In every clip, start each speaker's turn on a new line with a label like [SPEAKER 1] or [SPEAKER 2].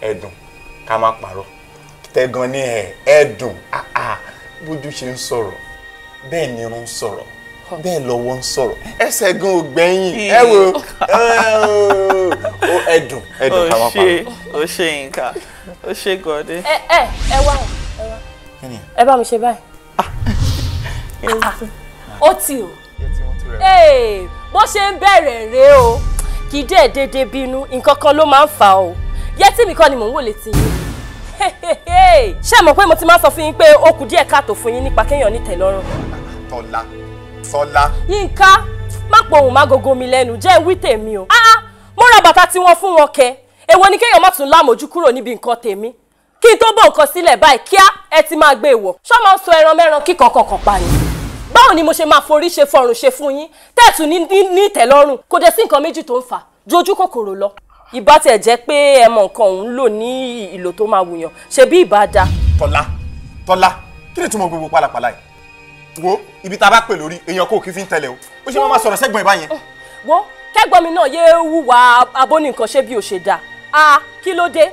[SPEAKER 1] ẹ̀dùn ká má parọ́ tẹ́gan ní ẹ̀ ẹ̀dùn àà bójú ṣe ń sọ̀rọ̀ bẹ́ẹ̀ ni irun ń sọ̀rọ̀ bẹ́ẹ̀ lọ́wọ́ ń sọ̀rọ̀ ẹsẹ̀ gan ò gbẹ̀yìn ẹ wo ẹ̀dùn ẹ̀dùn ká má parọ́.
[SPEAKER 2] o ṣe nǹkan o ṣe gọdẹ. ẹ
[SPEAKER 3] ẹ ẹ wá ẹ bá mi ṣe báyìí. Ah. ó ti o bó ṣe ń bẹ̀rẹ̀ rèé o kì í dẹ̀ dédé bínú nǹkan kan ló máa ń fà o yẹtí mi kọ́ ni mò ń wò létí yín ṣé ẹ mọ̀ pé mo ti máa sọ fún yín pé ó kù díẹ̀ káàtó fún yín nípa kéèyàn ní tẹ̀lọ́rùn. tọ́lá tọ́lá. yínká má pohùn má gogo mi lẹ́nu jẹ́ wí tèmi o. áá ah, ah, mo ra bàtà tí wọ́n fún wọn kẹ èwo ni kéèyàn má tún lámòjú kúrò níbi nǹkan tèmi kí n tó bọ̀ nǹkan sílẹ̀ báyìí kíá ẹ ti máa gbé ìwọ̀ ṣọ́ máa ń sọ ẹran mẹ́ran kíkan kankan pa ni. báwo ni mo ṣe máa forí ṣe fọrùn ṣe fún yín tẹ́ẹ̀tù ní ìtẹ́lọ́rùn kò dé sí nǹkan méjì tó ń fà jojú kòkòrò lọ ìbá tẹ̀ jẹ́ pé ẹ mọ nǹkan òun lò ní ìlò tó máa wùyàn ṣebí ìbá da. tọ́lá tọ́lá kí ni tí gbogbo pálapàla yìí wo ibi tá a bá pè lórí èèyàn kò kí fi ń tẹ̀lé o ó ṣe máa sọ̀rọ̀ sẹ́gbọ̀n ẹ̀ báyẹn. Mm. wo kẹ́gbọ́n mi náà yé wúwa abónìkan ṣé bí o ṣe dáa a kí ló dé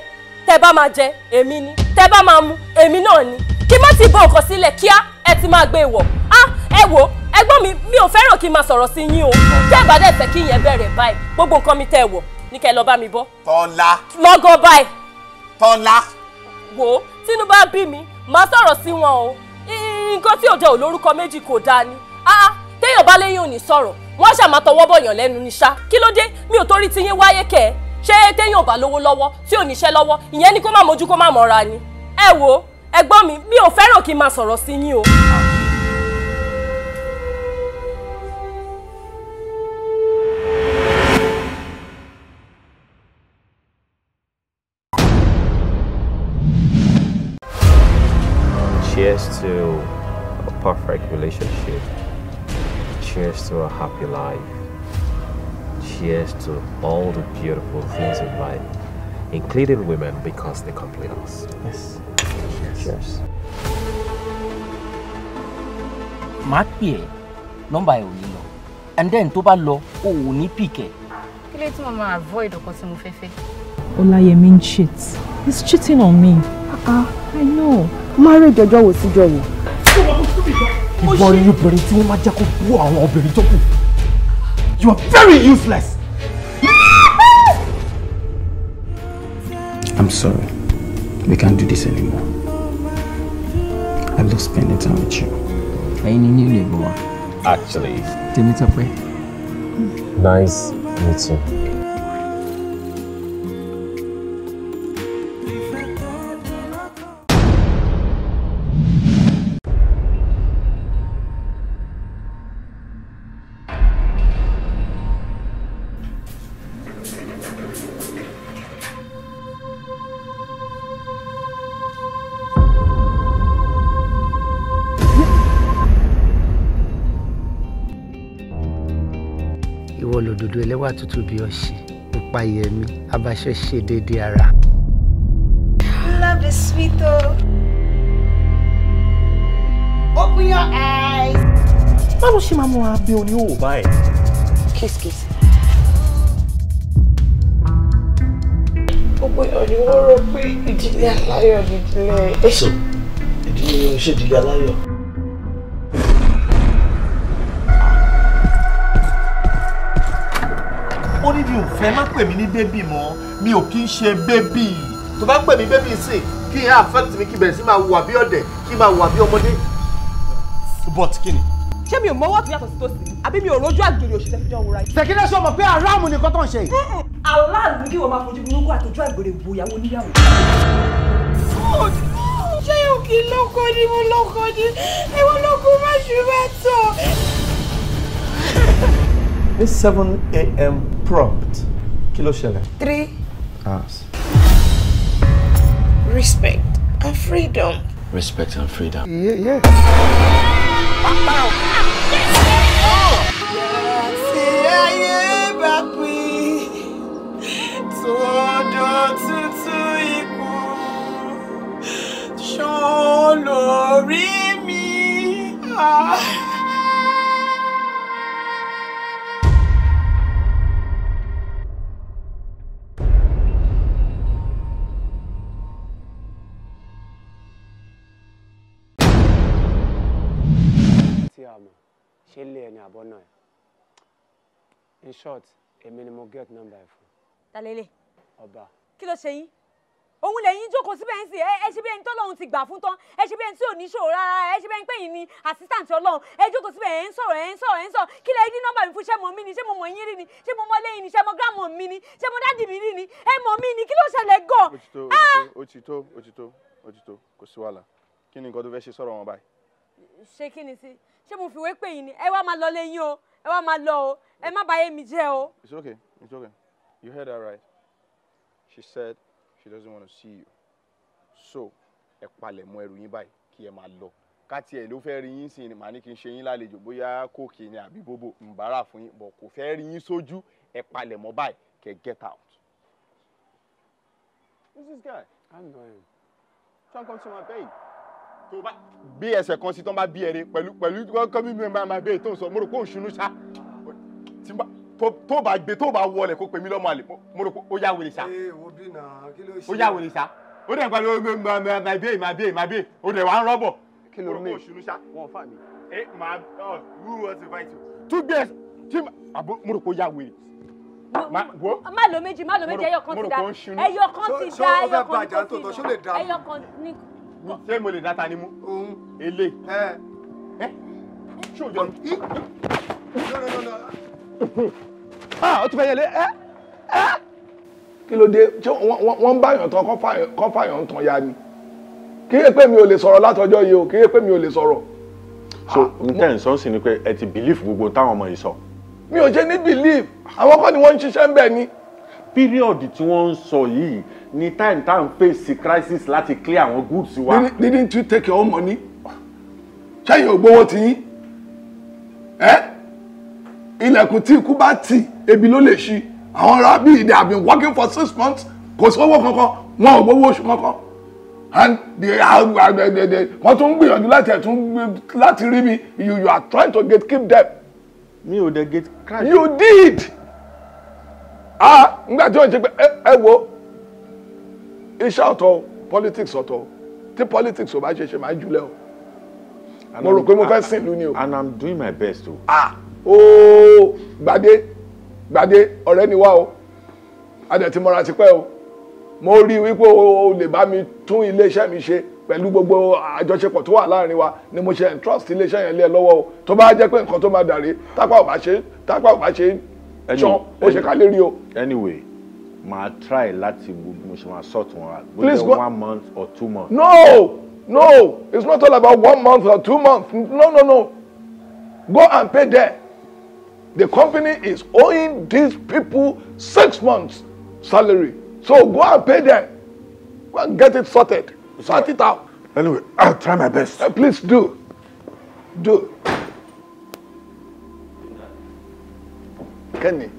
[SPEAKER 3] tẹ bá máa jẹ èmi ni tẹ bá máa mu èmi náà ni kí má ti bọ nǹkan sílẹ̀ kíá ẹ ti máa gbé wọ̀ á ẹ wò ẹ̀gbọ́n mi mi ò fẹ́ràn kí n máa sọ̀rọ̀ sí yín o tẹ́ ẹ bá kí yẹn bẹ̀rẹ̀ báyìí gbogbo nǹkan mi tẹ́ wọ̀ ní kẹ́ lọ bá mi bọ́. tọ́lá. lọ́gọ́ báyìí. tọ́lá. wo tínú bá bí mi màá sọ̀rọ̀ sí wọn o nǹkan tí ò jẹ́ olórúkọ méjì kò dáa ni ah, ah, téèyàn bá léyìn ò sọ̀rọ̀ wọ́n ṣàmà tọwọ́ bọ̀yàn lẹ́nu ní ṣá kí ló dé mi ò torí tiyín wáyé kẹ́ ẹ ṣé téèyàn ò bá lówó lọ́wọ́ tí ò níṣẹ́ lọ́wọ́ ìyẹn ni kó má mojú kó má mọ́ra ni ẹ wo ẹ̀gbọ́n mi mi ò fẹ́ràn kí n máa sọ̀rọ̀ sí yín o.
[SPEAKER 2] Cheers to a perfect relationship. Cheers to a happy life. Cheers to all the beautiful things in life, including
[SPEAKER 3] women because they complete us. Yes. Cheers. Cheers. Màá pè é, nọ́mbà And then tó bá lọ,
[SPEAKER 4] o ò ní pìkẹ̀.
[SPEAKER 5] avoid ọkọ tí
[SPEAKER 3] Olayemin cheats. He's cheating on me. Ah, uh, I know. Marriage ọjọ́ wo síjọ́ wo? Ìwọ ni obìnrin tí wọ́n máa jẹ́ kó bú àwọn obìnrin tó kù.
[SPEAKER 1] You are very useless.
[SPEAKER 2] I'm sorry. We can't do this anymore. I love spending
[SPEAKER 3] time with you. Are Ẹ̀yin ni nílò ìbò wa. meet up tọ́pẹ́.
[SPEAKER 6] Nice meeting.
[SPEAKER 4] odò ẹlẹ́wà tútù bí ọṣẹ pupa yẹmi abaṣọ ṣe déédéé ara.
[SPEAKER 5] love is sweet o. open your eyes.
[SPEAKER 7] báwo ṣe máa mú wa oníhòòhò báyìí.
[SPEAKER 8] kiss kiss. gbogbo èèyàn ni wọ́n rò pé ìdílé aláyọ̀ ni ìdílé ẹ̀. ẹ̀sùn ìdílé aláyọ̀.
[SPEAKER 1] fẹ́ má pè mí ní bébì mọ́ mi ò kí ń ṣe bébì tó bá pè mí bébì sí kí n affect mi kí bẹ̀rẹ̀ sí máa wà bí ọ̀dẹ̀ kí máa wà bí ọmọdé. but kí ni.
[SPEAKER 3] ṣé mi ò mọwọ́ tó yàtọ̀ sí tòsí àbí mi ò rójú àgbèrè òṣìṣẹ́ fi jọ wúra yìí. tẹ̀kídé sọ mọ̀ pé aráàmù nìkan tó ń ṣe eh, eh, aláàlú kí wọ́n máa fojú burúkú àtọ́jú àgbèrè bo ìyàwó
[SPEAKER 6] oníyàwó. ṣé òkè lóko ni mo lóko ni ẹwọ lóko má ṣe bá tọ̀.
[SPEAKER 2] ní seven a.m. prompt kí ló ṣẹlẹ̀. three. hours.
[SPEAKER 8] respect and freedom.
[SPEAKER 2] respect and freedom.
[SPEAKER 8] Yeah, yeah.
[SPEAKER 6] Tí ayé bá Ah.
[SPEAKER 9] ṣé lé ẹni àbọ̀nà ẹ̀ in short èmi ni mo get number ẹ̀ fún. ta lélẹ̀. ọba.
[SPEAKER 10] kí ló ṣe yín òun lẹ́yìn jókòó síbẹ̀ ń sìn ẹ ṣe bí ẹni tọ́lọ́run ti gbà fún tán ẹ ṣe bí ẹni tí ò ní ṣòro rárá ẹ ṣe bí ẹni pé yìí ni assistant ọlọ́run ẹ jókòó síbẹ̀ ẹ ń sọ̀rọ̀ ẹ ń sọ̀rọ̀ ẹ ń sọ̀rọ̀ kí lẹ́yìn ní nọ́mbà mi fún ṣé mo mí ni ṣé mo mọ̀ yín rí ni ṣé mo mọ̀ lẹ́yìn ni ṣé mo gírámù mi ni ṣé mo dádì mi rí ni ẹ mọ̀ mí ni kí ló ṣẹlẹ̀ gọ̀.
[SPEAKER 1] òtítọ́ òtítọ́ òtítọ́ kò sí wàhálà kí ni nǹkan tó
[SPEAKER 10] fẹ́ ṣé mo fìwé pè yín ni ẹ wá máa lọ lẹ́yìn o ẹ wá máa lọ o ẹ má bàyé
[SPEAKER 3] mi jẹ́ o.
[SPEAKER 2] it's okay it's okay you heard her right she said she
[SPEAKER 1] doesn't want to see you so ẹ palẹ̀ mọ́ ẹrù yín báyìí kí ẹ máa lọ káti ẹ̀ ló fẹ́ rí yín sí ni màá ní kí n ṣe yín lálejò bóyá kóòkì ni àbí bóbò ń bára fún yín bọ̀ kò fẹ́ rí yín sójú ẹ palẹ̀ mọ́ báyìí kẹ́ get out.
[SPEAKER 2] who's this guy? I know him. try come to my bed tó bá
[SPEAKER 1] bí ẹsẹ̀ kan sí tó ń bá bí ẹrẹ pẹ̀lú pẹ̀lú kọ́ mímú ẹ̀ máa bẹ́ẹ̀ tó ń sọ mo rò pé òṣùnú sá tó bá gbé tó bá wọlé kó pèmí lọ́mọ àlè mo rò pé ó yà wèrè sá ó yà wèrè sá ó dẹ̀ gba ló máa bẹ́ẹ̀ máa bẹ́ẹ̀ máa bẹ́ẹ̀ ó dẹ̀ wà ń rọ́bọ̀ mo rò pé òṣùnú sá wọn fà mí. ẹ máa ọ wúwo ọtí báyìí tó gbé ẹ tí mo rò pé ó yà wèrè má
[SPEAKER 3] lo méjì má lo méjì ẹyọ kan ti da ẹyọ kan ti da ẹyọ kan ti da ẹyọ kan ni
[SPEAKER 1] ṣé mo lè dáta ni mú. òun ele. ẹ no, no, no, no. ah o tún fẹ́ yẹlé ẹ ẹ. kí ló dé ṣé wọ́n ń báyọ̀ tán kọ́ fàyọ̀ ń tàn ya ni kí yé pé mi ò lè sọ̀rọ̀ látọjọ́ yìí o kí yé pé mi ò lè sọ̀rọ̀.
[SPEAKER 2] so n tẹ́ ǹ sọ ni pé ẹ ti believe gbogbo táwọn ọmọ yìí sọ.
[SPEAKER 1] mi ò ṣe ní believe àwọn kọ́ ni wọ́n ń ṣiṣẹ́ ń bẹ̀ ni period tí wọ́n ń sọ yìí ni time tá à ń face crisis láti clear àwọn goods wa. didn't you take your own money? ṣẹ́yìn ògbówó ti yín? ẹ́ ilẹ̀kùn tí ikú bá tì ebi ló lè ṣí àwọn ará bíi they have been working for six months kò sówó kankan wọn ò gbowó oṣù kankan and they are uh, uh, wọ́n tún ń gbìyànjú láti ẹ̀tún láti rí mi you you are trying to gatekeep them. mi ò dé gate crash. you did. ah ngbà ti o ń ṣe pé ẹ wo iṣẹ́ ọ̀tọ̀ politics ọ̀tọ̀ tí politics ò bá ṣe ṣe máa ń o mo pé mo fẹ́ sìn ni o. and i'm doing my best o. ooo ah, gbadé gbadé ọ̀rẹ́ ni o adẹ̀tí ti pẹ́ o mo rí i wípé o bá mi tún mi ṣe pẹ̀lú gbogbo àjọṣepọ̀ tó wà láàrin wa ni mo ṣe entrust iléeṣẹ́ yẹn lé ẹ lọ́wọ́ o tó bá jọ o ṣe ká lè rí o. anyway màá try láti mo ṣe máa sort wọn
[SPEAKER 6] out. please go one
[SPEAKER 1] month or two months. no no it's not all about one month or two months no no no go and pay there the company is owing these people six months salary so go and pay them go and get it sorted sort it out. anyway I'll try my best. Uh, please do do. kane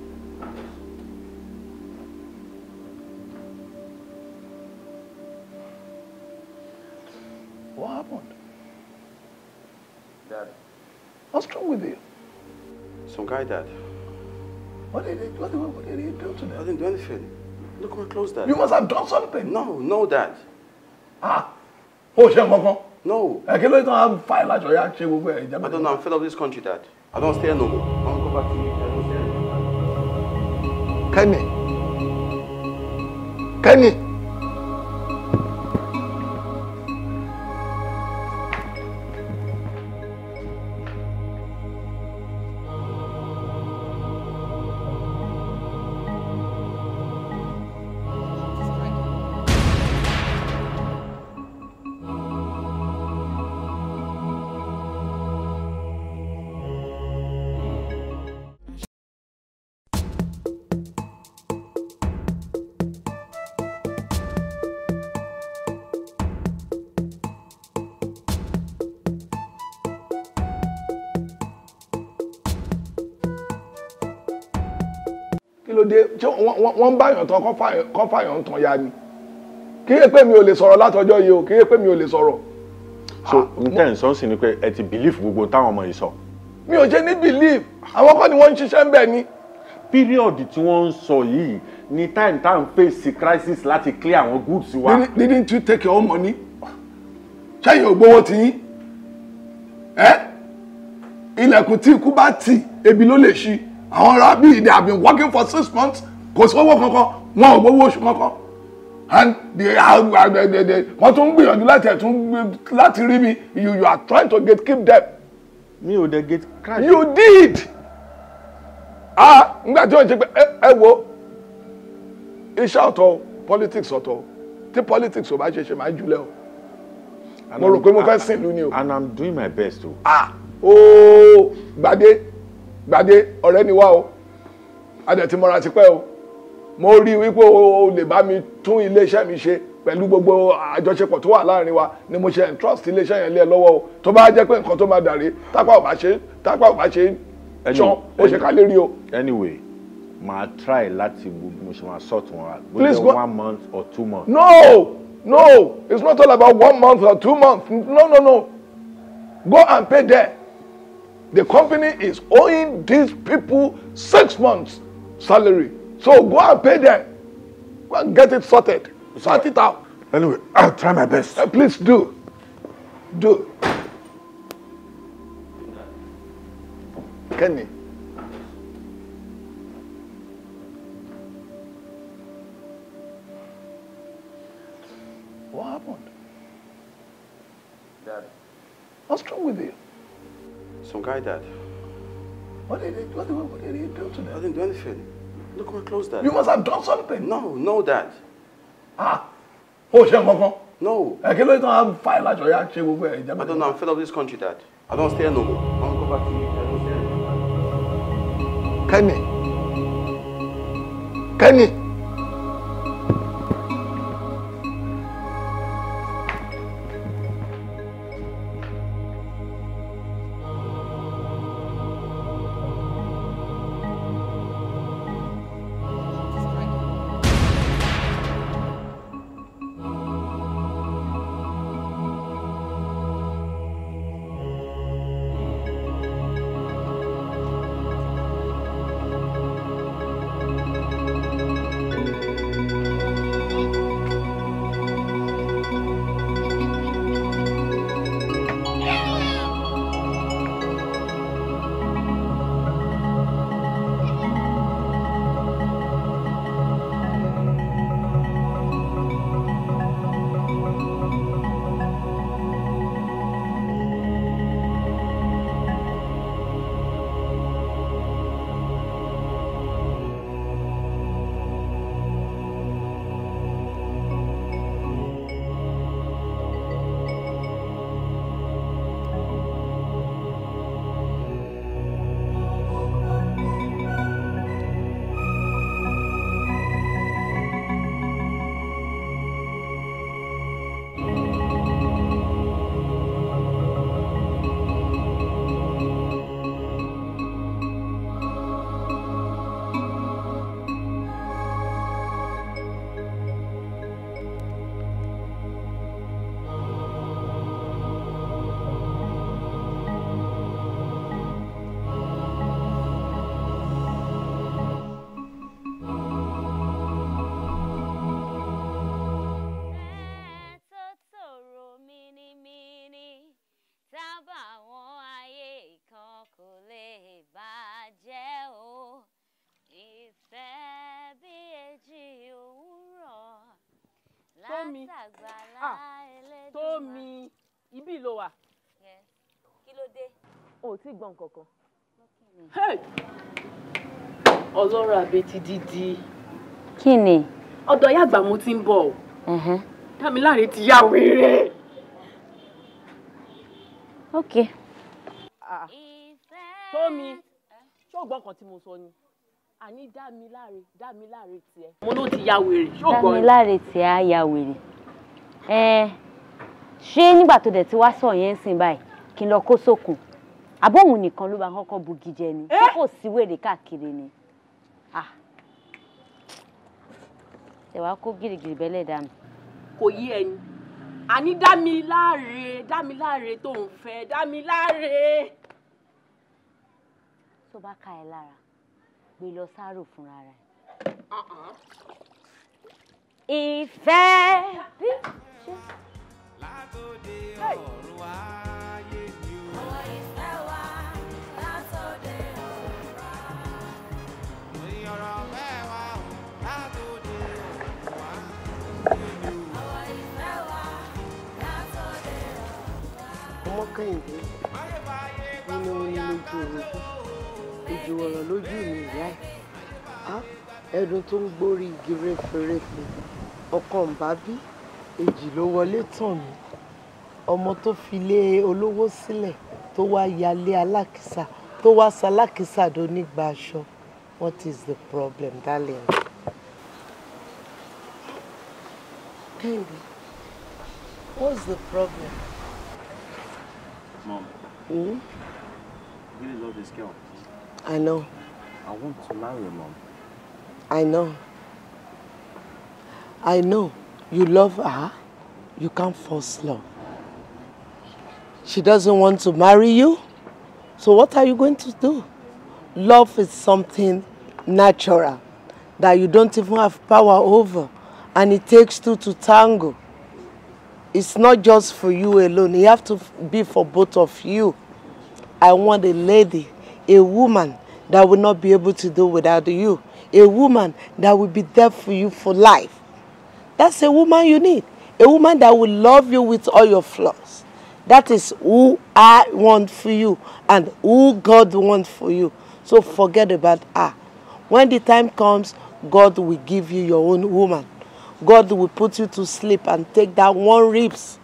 [SPEAKER 1] what happened
[SPEAKER 2] dad what's wrong with you some guy dad what did he what, what did he do to them i didn't do anything look how close dad you must have done something no no dad ah oh shit no. I cannot even have five large or I don't know, I'm fed up with this country, Dad. I don't stay here no more. I want to go back to you.
[SPEAKER 1] kai me kai ṣé wọ́n ń báyàn tán kọ́ fàyàn ń tàn ya ni kí yé pé mi ò lè sọ̀rọ̀ látọjọ́ yìí o kí yé pé mi ò lè sọ̀rọ̀.
[SPEAKER 2] so ah, ntẹ́yìn sọ́n sì ni pé ẹ ti belief gbogbo táwọn ọmọ yìí sọ.
[SPEAKER 1] mi ò ṣe ní belief àwọn kọ́ ni wọ́n ń ṣiṣẹ́ ń bẹ̀ ni. píríọ̀dù tí wọ́n ń sọ yìí ni time tá à ń face crisis láti clear àwọn goods wa. didn't you take your money? ṣẹ́yìn ò gbowó ti yín? ẹ́ ilẹ̀kùn tí ikú bá tì ebi ló lè ṣí àwọn ará they have been working for six months kò sówó kankan wọn ò gbowó oṣù kankan wọ́n tún gbìyànjú láti ẹ̀tún láti rí mi you you are trying to get keep them. mi ò dé get crash. you did. ah ngbà tí wọ́n ṣe pé ẹ wo iṣẹ́ ọ̀tọ̀ politics ọ̀tọ̀ tí politics ò bá ṣe ṣe máa jùlẹ̀ o mo rò pé mo fẹ́ sìn lú ni o. and i'm doing my best o. ah ooo gbadé gbadé ọ̀rẹ́ ni wá o adẹ̀ ti mọ́ra ti pẹ́ o mo rí wípé o lè bá mi tún iléeṣẹ́ mi ṣe pẹ̀lú gbogbo àjọṣepọ̀ tó wà láàrin wa ni mo ṣe entrust iléeṣẹ́ yẹn lé ẹ lọ́wọ́ o tó bá jẹ́ pé nǹkan tó máa dàrí tápá ò bá ṣe tápá ò bá ṣe tán ó ṣe ká lérí o. anyway màá try láti mo ṣe máa sort wọn out bóyá one month or two months. no no it's not all about one month or two months no no no go and pay there the company is owing these people six months salary So go and pay them. Go and get it sorted. Sort it out. Anyway, I'll try my best. Uh, please do. Do. Kenny. What happened? Dad. What's wrong with
[SPEAKER 2] you? Some guy died. What did he, what, what did he do to them? I didn't do anything. Look how close that. You must have done something. No, no, Dad. Ah, ó ṣe nǹkankan. No. I ló tán á fa ìlàjọ yá ṣe gbogbo ẹ̀ I don't know, I'm fed up this country, Dad. I don't stay no more. I'm gonna go back to you. Kẹ́mi.
[SPEAKER 1] Kẹ́mi.
[SPEAKER 10] mi
[SPEAKER 3] tó mi ibi ló wà. kí ló dé. o ò tí ì gbọ́ àbẹ ti dídí. kí ni. ọ̀dọ̀ ìyá àgbà mo ti ń bọ̀ o. dámiláre ti yá wéré. ok. Ah, tómi ṣó gbọ́ nǹkan tí mo sọ ni àní dámiláre dámiláre tiẹ̀. mo ló ti ya wèrè ṣó gbọ́. dámiláre
[SPEAKER 10] tiẹ̀ á ya wèrè ṣé nígbà tó dẹ̀ ti wá sọ yẹn sìn báyìí kí n lọ kó sókun àbóhùn nìkan ló máa kọ́kọ́ bugi jẹ ni kókò eh! sí wèrè káàkiri ni ṣe wàá kó gìrìgìrì bẹ́lẹ̀ dànù.
[SPEAKER 3] kò yí ẹni àní dámiláre dámiláre tó ń fẹ́ dámiláre. tó bá ka ẹ lára gbé lọ
[SPEAKER 10] sáró fúnra rẹ̀. Uh-uh. ìfẹ́
[SPEAKER 6] bí ṣe. látòdì ọ̀run wáyé ni o. ìfẹ́ wa látòdì ọ̀run wá. ìyọ̀rọ̀ bẹ́ẹ̀ wá látòdì ọ̀run wá.
[SPEAKER 8] ìfẹ́ wa látòdì ọ̀run wá. ọmọ kẹ́hìndé
[SPEAKER 4] nínú onílé ju òwe fún òjò lójú mi ìyá
[SPEAKER 8] ẹ̀ ẹ̀dùn tó ń gbórí igi réferéfe ọkàn bá bí èjì ló wọlé tàn mí ọmọ tó fi lé olówó sílẹ̀ tó wá yalé alákìsà tó wá salákìsà tó nígbà aṣọ what is the problem darling. Baby, what's the problem?
[SPEAKER 2] Mom, mm? I really love this girl. I know. I want to marry you, Mom.
[SPEAKER 8] I know. I know. You love her. You can't force love. She doesn't want to marry you. So what are you going to do? Love is something natural that you don't even have power over. And it takes two to tango. It's not just for you alone. You have to be for both of you. I want a lady a woman that will not be able to do without you, a woman that will be there for you for life. That's a woman you need, a woman that will love you with all your flaws. That is who I want for you and who God wants for you. So forget about her. When the time comes, God will give you your own woman. God will put you to sleep and take that one ribs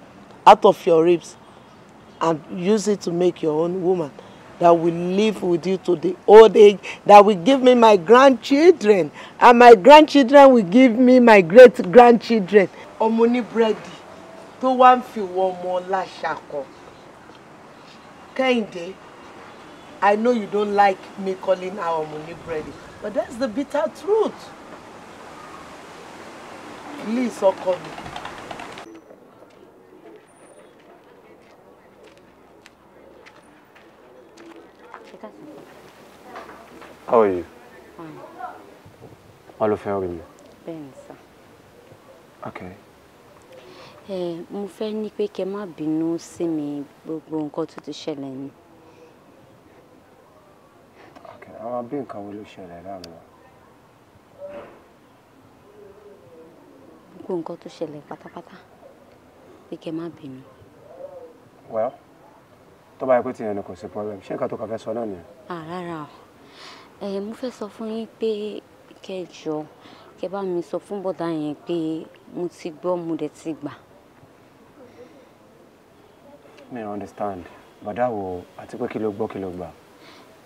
[SPEAKER 8] out of your ribs and use it to make your own woman that will live with you to the old age, that will give me my grandchildren, and my grandchildren will give me my great grandchildren. Omuni Brady, to one few one more lashako. ọláṣàkọ. I know you don't like me calling our Omuni Brady, but that's the bitter truth. Please, ọkọ mi.
[SPEAKER 9] How are you? Fine. Wọ́n ló fẹ́ rí mi. Bẹ́ẹ̀ni sà. Okay.
[SPEAKER 10] Ẹ mo fẹ́ ní pé kẹ́ má bínú sí mi gbogbo nǹkan tó ti ṣẹlẹ̀ ni.
[SPEAKER 9] Okay, àwọn bí nǹkan wo ló ṣẹlẹ̀ lánàá?
[SPEAKER 10] Gbogbo nǹkan tó ṣẹlẹ̀ pátápátá pé kẹ́ má bínú.
[SPEAKER 9] Well, tó bá yẹ kó tiẹ̀ ni kò sí problem, ṣé nǹkan tó kà fẹ́ sọ náà nìyẹn?
[SPEAKER 10] Ah, rárá o ẹ mo fẹ́ sọ fún yín pé kẹjọ kẹ bá mi sọ fún bọ̀dá yẹn pé mo ti gbọ́ mo dẹ̀ ti gbà.
[SPEAKER 9] mi ò understand bọ̀dá wo àti pé kí ló gbọ́ kí ló gbà.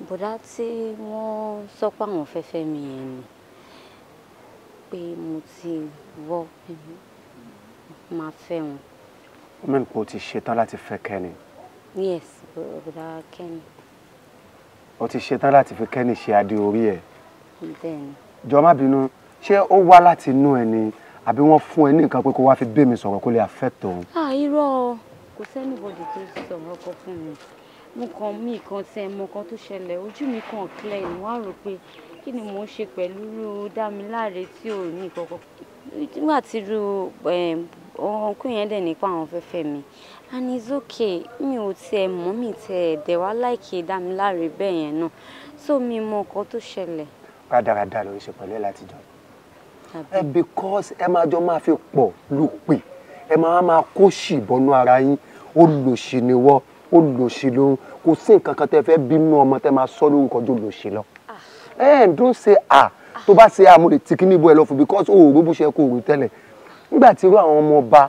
[SPEAKER 10] bọ̀dá tí wọ́n sọ pé àwọn fẹ́fẹ́ mi yẹn ni pé mo ti wọ́ máa fẹ́ wọn.
[SPEAKER 9] ó mẹ́rin ti ṣetán láti fẹ́ kẹ́ni.
[SPEAKER 10] yes bọ̀dá kẹ́ni
[SPEAKER 9] o ti ṣetán láti fi kẹ́ni ṣe adé orí ẹ̀. jọ má bínú ṣé ó wá láti inú ẹ ni àbí wọ́n fún ẹ ní nǹkan pé kó wá fi bẹ́ mi sọ̀rọ̀ kó lè affect òun.
[SPEAKER 10] à irọ́ kò sẹ́ni bọ̀dì tó sọ̀rọ̀ ọkọ fún mi mo kàn mí kan tẹ mọ kan tó ṣẹlẹ̀ ojú mi kàn clear ni wọ́n á rò pé kí ni mò ṣe pẹ̀lú dámiláre tí ò ní ìkọ̀kọ̀ nígbà tí irú ọ̀nkún yẹn dẹ̀ ní àwọn fẹ́ mi and it's okay mi ò tiẹ̀ mọ̀ mi tiẹ̀ dẹ̀ wá láìkí dámiláre bẹ́ẹ̀ yẹn náà so mi mọ nǹkan tó ṣẹlẹ̀.
[SPEAKER 9] rádaràda ló ń ṣe pẹ̀lú ẹ̀ látijọ́ ẹ eh, because ẹ máa jọ máa fi pọ̀ ló pè ẹ máa máa kó ṣì bọnú ara yín ó lòṣì ni wọ́n ó lòṣì lóhun kò sí nǹkan kan tẹ́ fẹ́ bínú ọmọ tẹ́ máa sọ lórúkọ tó lòṣì lọ ẹ ah. ẹ eh, don't say ah. ah tó bá ṣe àmúlẹ̀ ah, tìkíní bó ẹ lọ fún because òòrùn bó ṣe kó òòrùn tẹ́lẹ̀ nígbà tí irú àwọn ọmọ ọba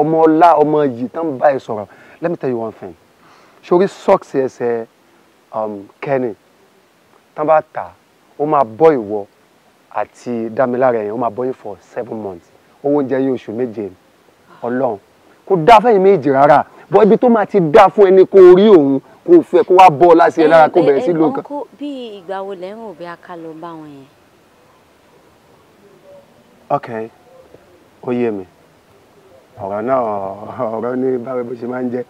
[SPEAKER 9] ọmọ ọlá ọmọ yìí tán bá ẹ sọ̀rọ̀ let me tell you one thing sori socks ẹsẹ̀ um, kẹ́ni tán bá tà ó máa bọ́ ìwọ àti dámilára yẹn ó máa bọ́ yín for seven months owó oúnjẹ yín oṣù méje ọlọ́run kò dáa fẹ́yìn méjì rárá bọ́ ibi tó máa ti dáa fún ẹni kó rí òun kó fẹ́ kó wá bọ́ láti ẹ lára kó bẹ̀rẹ̀ sí lóǹkan.
[SPEAKER 10] bí ìgbà wo lẹ́rùn òbí aká lọ bá wọn yẹn.
[SPEAKER 9] okay ó yé mi ọ̀rọ̀ náà ọ̀rọ̀ ní báwo bó ṣe máa ń jẹ́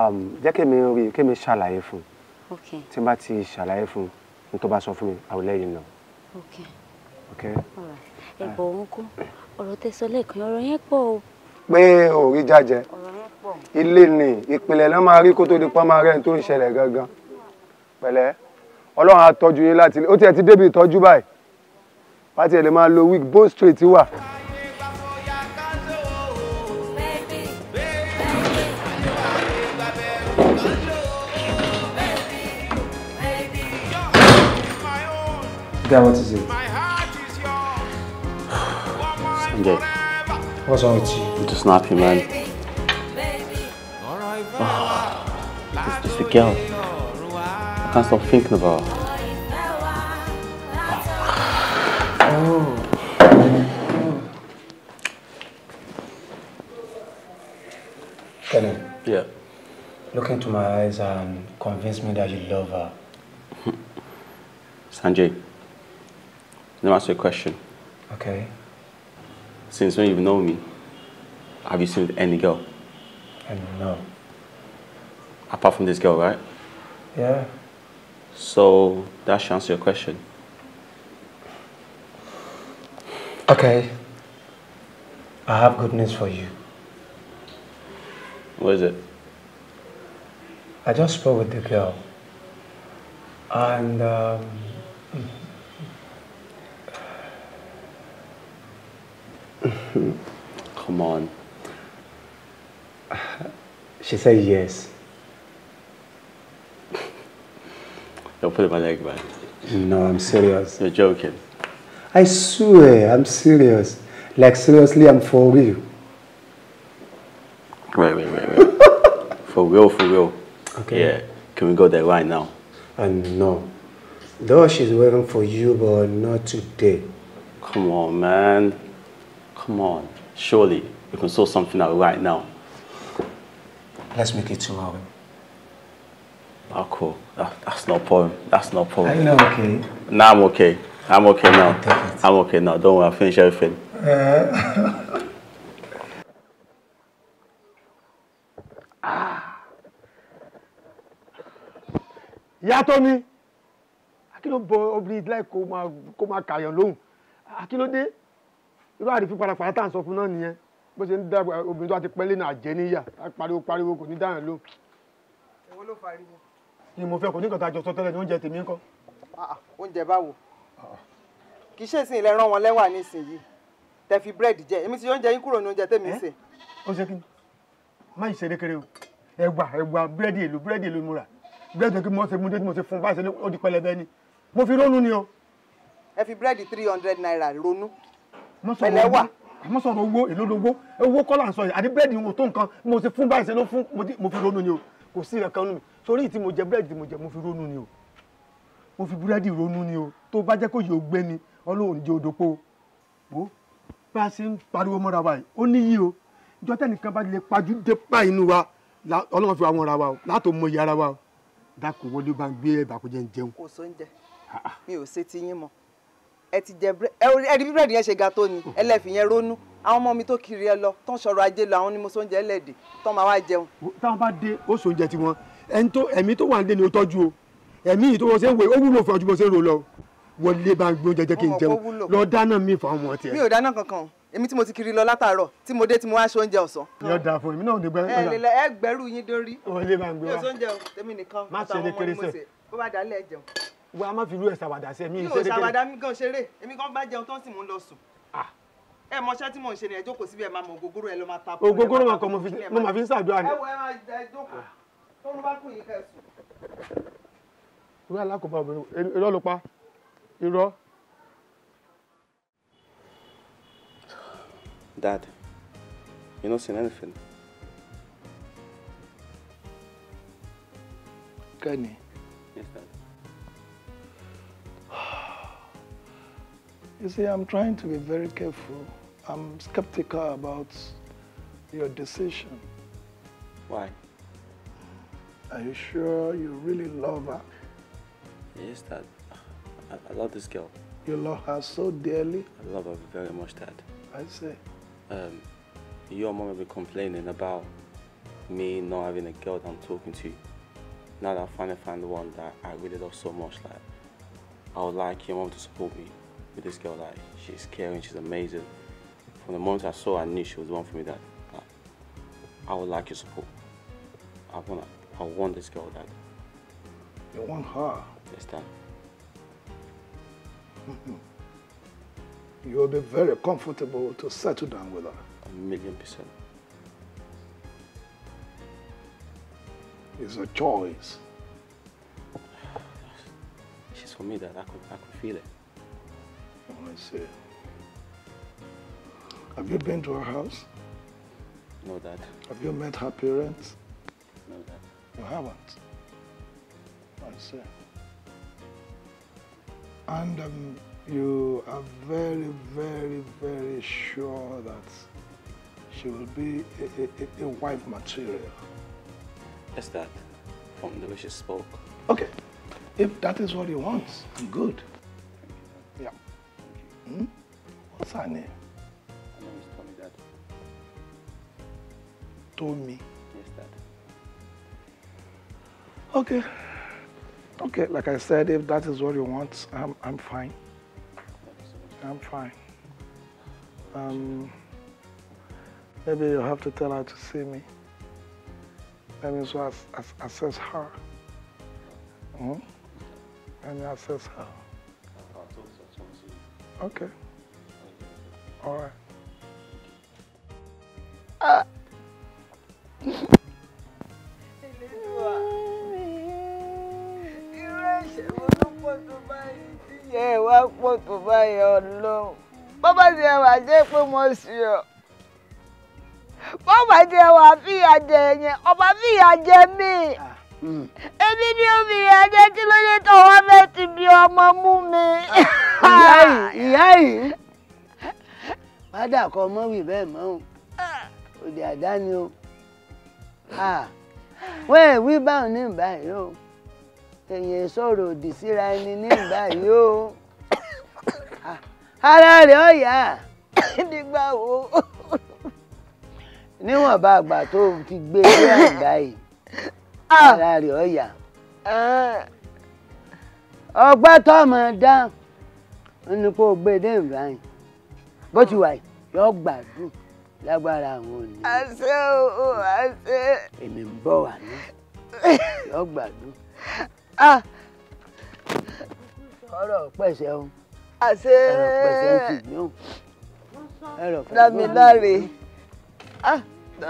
[SPEAKER 9] um, jẹ́ kí rí kí ṣàlàyé fún
[SPEAKER 6] un
[SPEAKER 10] tí
[SPEAKER 9] n bá ti ṣàlàyé fún un tó bá sọ fún mi àwọn lẹ́yìn náà.
[SPEAKER 10] ẹ̀bọ̀ òun kú ọ̀rọ̀ tẹ sọ lẹ́ẹ̀kan ọ̀rọ̀ yẹn pọ̀ o.
[SPEAKER 9] pé òrí jàjẹ ilé ni ìpìlẹ̀ náà máa rí kó tó di pọ́nmá rẹ̀ tó ń ṣẹlẹ̀ gangan pẹ̀lẹ́ ọlọ́run á yín láti ó tiẹ̀ ti débi ìtọ́jú báyìí wá tiẹ̀ lè máa lo week bone straight wà. Dad, what is it? Sanjay.
[SPEAKER 2] What's wrong this? you? just not happy, man. Oh, this, a girl. I can't stop thinking about her.
[SPEAKER 6] Oh.
[SPEAKER 9] oh. Yeah. Look into my eyes and convince me that you love her.
[SPEAKER 2] Sanjay. Let me ask you a question. Okay. Since when you've known me, have you seen any girl? No. Apart from this girl, right? Yeah. So that should answer your question.
[SPEAKER 9] Okay. I have good news for you. What is it? I just spoke with the girl. And um,
[SPEAKER 2] Come on. She said yes. Don't put it my leg, man. No, I'm serious. You're joking.
[SPEAKER 9] I swear, I'm serious. Like, seriously, I'm for real.
[SPEAKER 2] Wait, wait, wait, wait. for real, for real. Okay. Yeah. Can we go there right now? And uh, no.
[SPEAKER 9] Though she's waiting for you, but not
[SPEAKER 2] today. Come on, man. Come on, surely we can sort something out right now.
[SPEAKER 9] Let's make it tomorrow.
[SPEAKER 2] Oh, cool. That, that's no problem. That's no problem. Are you not okay? Now I'm okay. I'm okay now. I'm okay now. Don't worry, I'll finish everything.
[SPEAKER 6] Uh,
[SPEAKER 1] Yeah, Tọ́mi, kí ló ń bọ obìnrin láì kó máa kàyàn lóhùn? Kí ló dé? irú àrífín parapara tá à ń sọ fún náà nìyẹn bó ṣe ń dá obìnrin tó a ti pẹ́ lé náà jẹ́ níyà á pariwo pariwo kò ní dáhùn ló.
[SPEAKER 7] èwo ló fariwo.
[SPEAKER 1] ni mo fẹ́ kò ní nǹkan tá a jọ sọ tẹ́lẹ̀ ní oúnjẹ tèmi ńkọ́.
[SPEAKER 7] Ah, ah, oúnjẹ báwo kì í ṣe ìsìn ilẹ̀ rán wọn lẹ́wà nísìnyí tẹ fi búrẹ́dì jẹ èmi ti oúnjẹ yín kúrò ní oúnjẹ tèmi ń
[SPEAKER 1] ó ṣe kí ni má yìí ṣe rékeré o ẹgbà ẹgbà búrẹ́dì èlò búrẹ́dì èlò mo rà búrẹ́dì kí mo ṣe mú dé tí mo ṣe fún báyìí ṣe ó di pẹlẹbẹ ni mo fi rónú ni o. ẹ fi búrẹ́dì
[SPEAKER 7] three hundred naira rónú
[SPEAKER 1] ẹlẹ́wà àmọ́ sọ̀rọ̀ owó èló lówó owó kọ́là ń sọ yìí àti búrẹ́dì wọn tó nǹkan mo ti fún báyìí ṣe ló fún mo fi ronú ni o kò sí ìrẹ̀kan nù mí torí tí mo jẹ búrẹ́dì tí mo jẹ mo fi ronú ni o mo fi búrẹ́dì ronú ni o tó bá jẹ́ kó yóò gbé mi ọlọ́run jẹ́ odòpó o bá a ṣe ń pariwo mọ́ra wa yìí ó níyì o ìjọ tẹ́nìkan bá lè pajú dé pa inú wa ọlọ́run fi wa wọn ra wa o látò mọ iye ara wa o dákun wọlé bá ń gbé ẹ̀bà kó jẹ́ ń jẹun.
[SPEAKER 7] kò sóúnjẹ mi ò ẹ ti jẹ ẹrí bí búrẹ́dì yẹn ṣe ga tó ni hmm. ẹlẹ́fì yẹn rónú àwọn ọmọ mi tó kiri ẹ lọ tán sọ̀rọ̀ ajé
[SPEAKER 1] lọ àwọn ni mo sóúnjẹ ẹlẹ́dẹ̀ tán máa wá jẹun. táwọn bá dé ó sóúnjẹ tiwọn ẹni tó ẹ̀mí tó wà ń dé ni ó tọ́jú o ẹ̀mí yìí tó wọ́n ṣe ń wé ó wúlò fún ọjọ́ bó ṣe ń rò lọ wọlé bá ń gbé oúnjẹ jẹ́ kí n
[SPEAKER 7] jẹun lọ dáná mi fún ọmọ tiẹ̀. mi ò dáná kankan èmi tí mo ti kiri lọ látàárọ̀ tí mo dé tí mo wá ṣoúnjẹ ọ̀sán. yóò dáa fún mi náà ní gbẹ́rẹ́. ẹ lè ẹ gbẹ́rù yín dórí. wọlé bá ń gbé wa mi ò ṣoúnjẹ o tèmi nìkan àtàwọn ọmọ ni mo ṣe bó bá dalẹ̀ jẹun
[SPEAKER 1] wọ́n a máa fi irú ẹ̀ ṣàwàdà sí ẹ̀mí ìṣeré kéré. yóò ṣàwàdà
[SPEAKER 7] mi gan ṣeré èmi gan bá jẹun tó ń sì mú lọ sùn. Ah. ẹ mọṣẹ́ tí mò ń ṣe ni ẹ jókòó síbi ẹ máa mọ ògógóró ẹ lọ máa ta. ògógóró máa kọ mo máa fi ń ṣàdúrà ni. ẹ wo ẹ máa jókòó ah. tó ń bá kù yìí kẹ sùn.
[SPEAKER 1] irú alákòóbá obìnrin irọ́ ló pa irọ́.
[SPEAKER 2] Dad, you no seen anything. Kenny. Yes, Dad.
[SPEAKER 1] You see, I'm trying to be very careful. I'm skeptical about your decision. Why? Are you sure you really love her?
[SPEAKER 2] Yes, Dad. I, I love this girl.
[SPEAKER 1] You love her so dearly?
[SPEAKER 2] I love her very much, Dad. I see. Um, your mom will be complaining about me not having a girl that I'm talking to. Now that I finally found the one that I really love so much, like, I would like your mom to support me with this girl. Like she's caring, she's amazing. From the moment I saw her, I knew she was the one for me. That I would like your support. I want, I want this girl. That
[SPEAKER 1] you want her. Yes, Dad. You'll be very comfortable to settle down with her.
[SPEAKER 2] A million percent. It's a choice. She's for me, That I could, I could feel it. I say,
[SPEAKER 1] have you been to her house?
[SPEAKER 2] No, Dad. Have you met her parents?
[SPEAKER 1] No, Dad. You haven't? I say. And um, you are very, very, very sure that she will be a, a, a wife material.
[SPEAKER 2] Yes, Dad. From the way she spoke.
[SPEAKER 1] Okay. If that is what he wants, good. Hmm? What's her name? Her name is Tommy, Dad. Tommy?
[SPEAKER 6] Yes, Dad.
[SPEAKER 1] Okay. Okay, like I said, if that is what you want, I'm, I'm fine. I'm fine. Um, maybe you have to tell her to see me. Let me so assess her. Mm -hmm. Let me assess her.
[SPEAKER 2] Okay.
[SPEAKER 6] All right.
[SPEAKER 4] bọ́bá ti ẹ wà jẹ́ pé mo sì ọ
[SPEAKER 5] bọ́bá ti ẹ wà fìyà jẹ yẹn ọba fìyà jẹ mí èmi ni ó fìyà jẹ kí ló dé tó wá ti bí ọmọ mú mi. Ah ìyá
[SPEAKER 6] yìí
[SPEAKER 4] ìyá yìí padà kọ mọ́wì bẹ́ẹ̀ mọ́ o òdì àdáni o wọ́n ẹ̀ wí báwọn ní ìbáyìí o èèyàn sọ̀rọ̀ òdì síra ẹni ní ìbáyìí o ara rẹ̀ ọ̀yà nígbà wo níwọ̀nba àgbà tó ti gbé ilé e àgbà yìí ara rẹ̀ ọ̀yà ọgbẹ́ tọmọ dáhùn ní kó o gbé dé ìbáyìí bó ti wà yọ gbàdúrà lágbára àwọn òní. àṣẹ o àṣẹ. èmi ń bọ̀ wá ní yọ gbàdúrà. ọ̀rọ̀ pẹ̀sẹ̀ o. àṣẹ ọ̀rọ̀ pẹ̀sẹ̀ ti dùn. dámiláre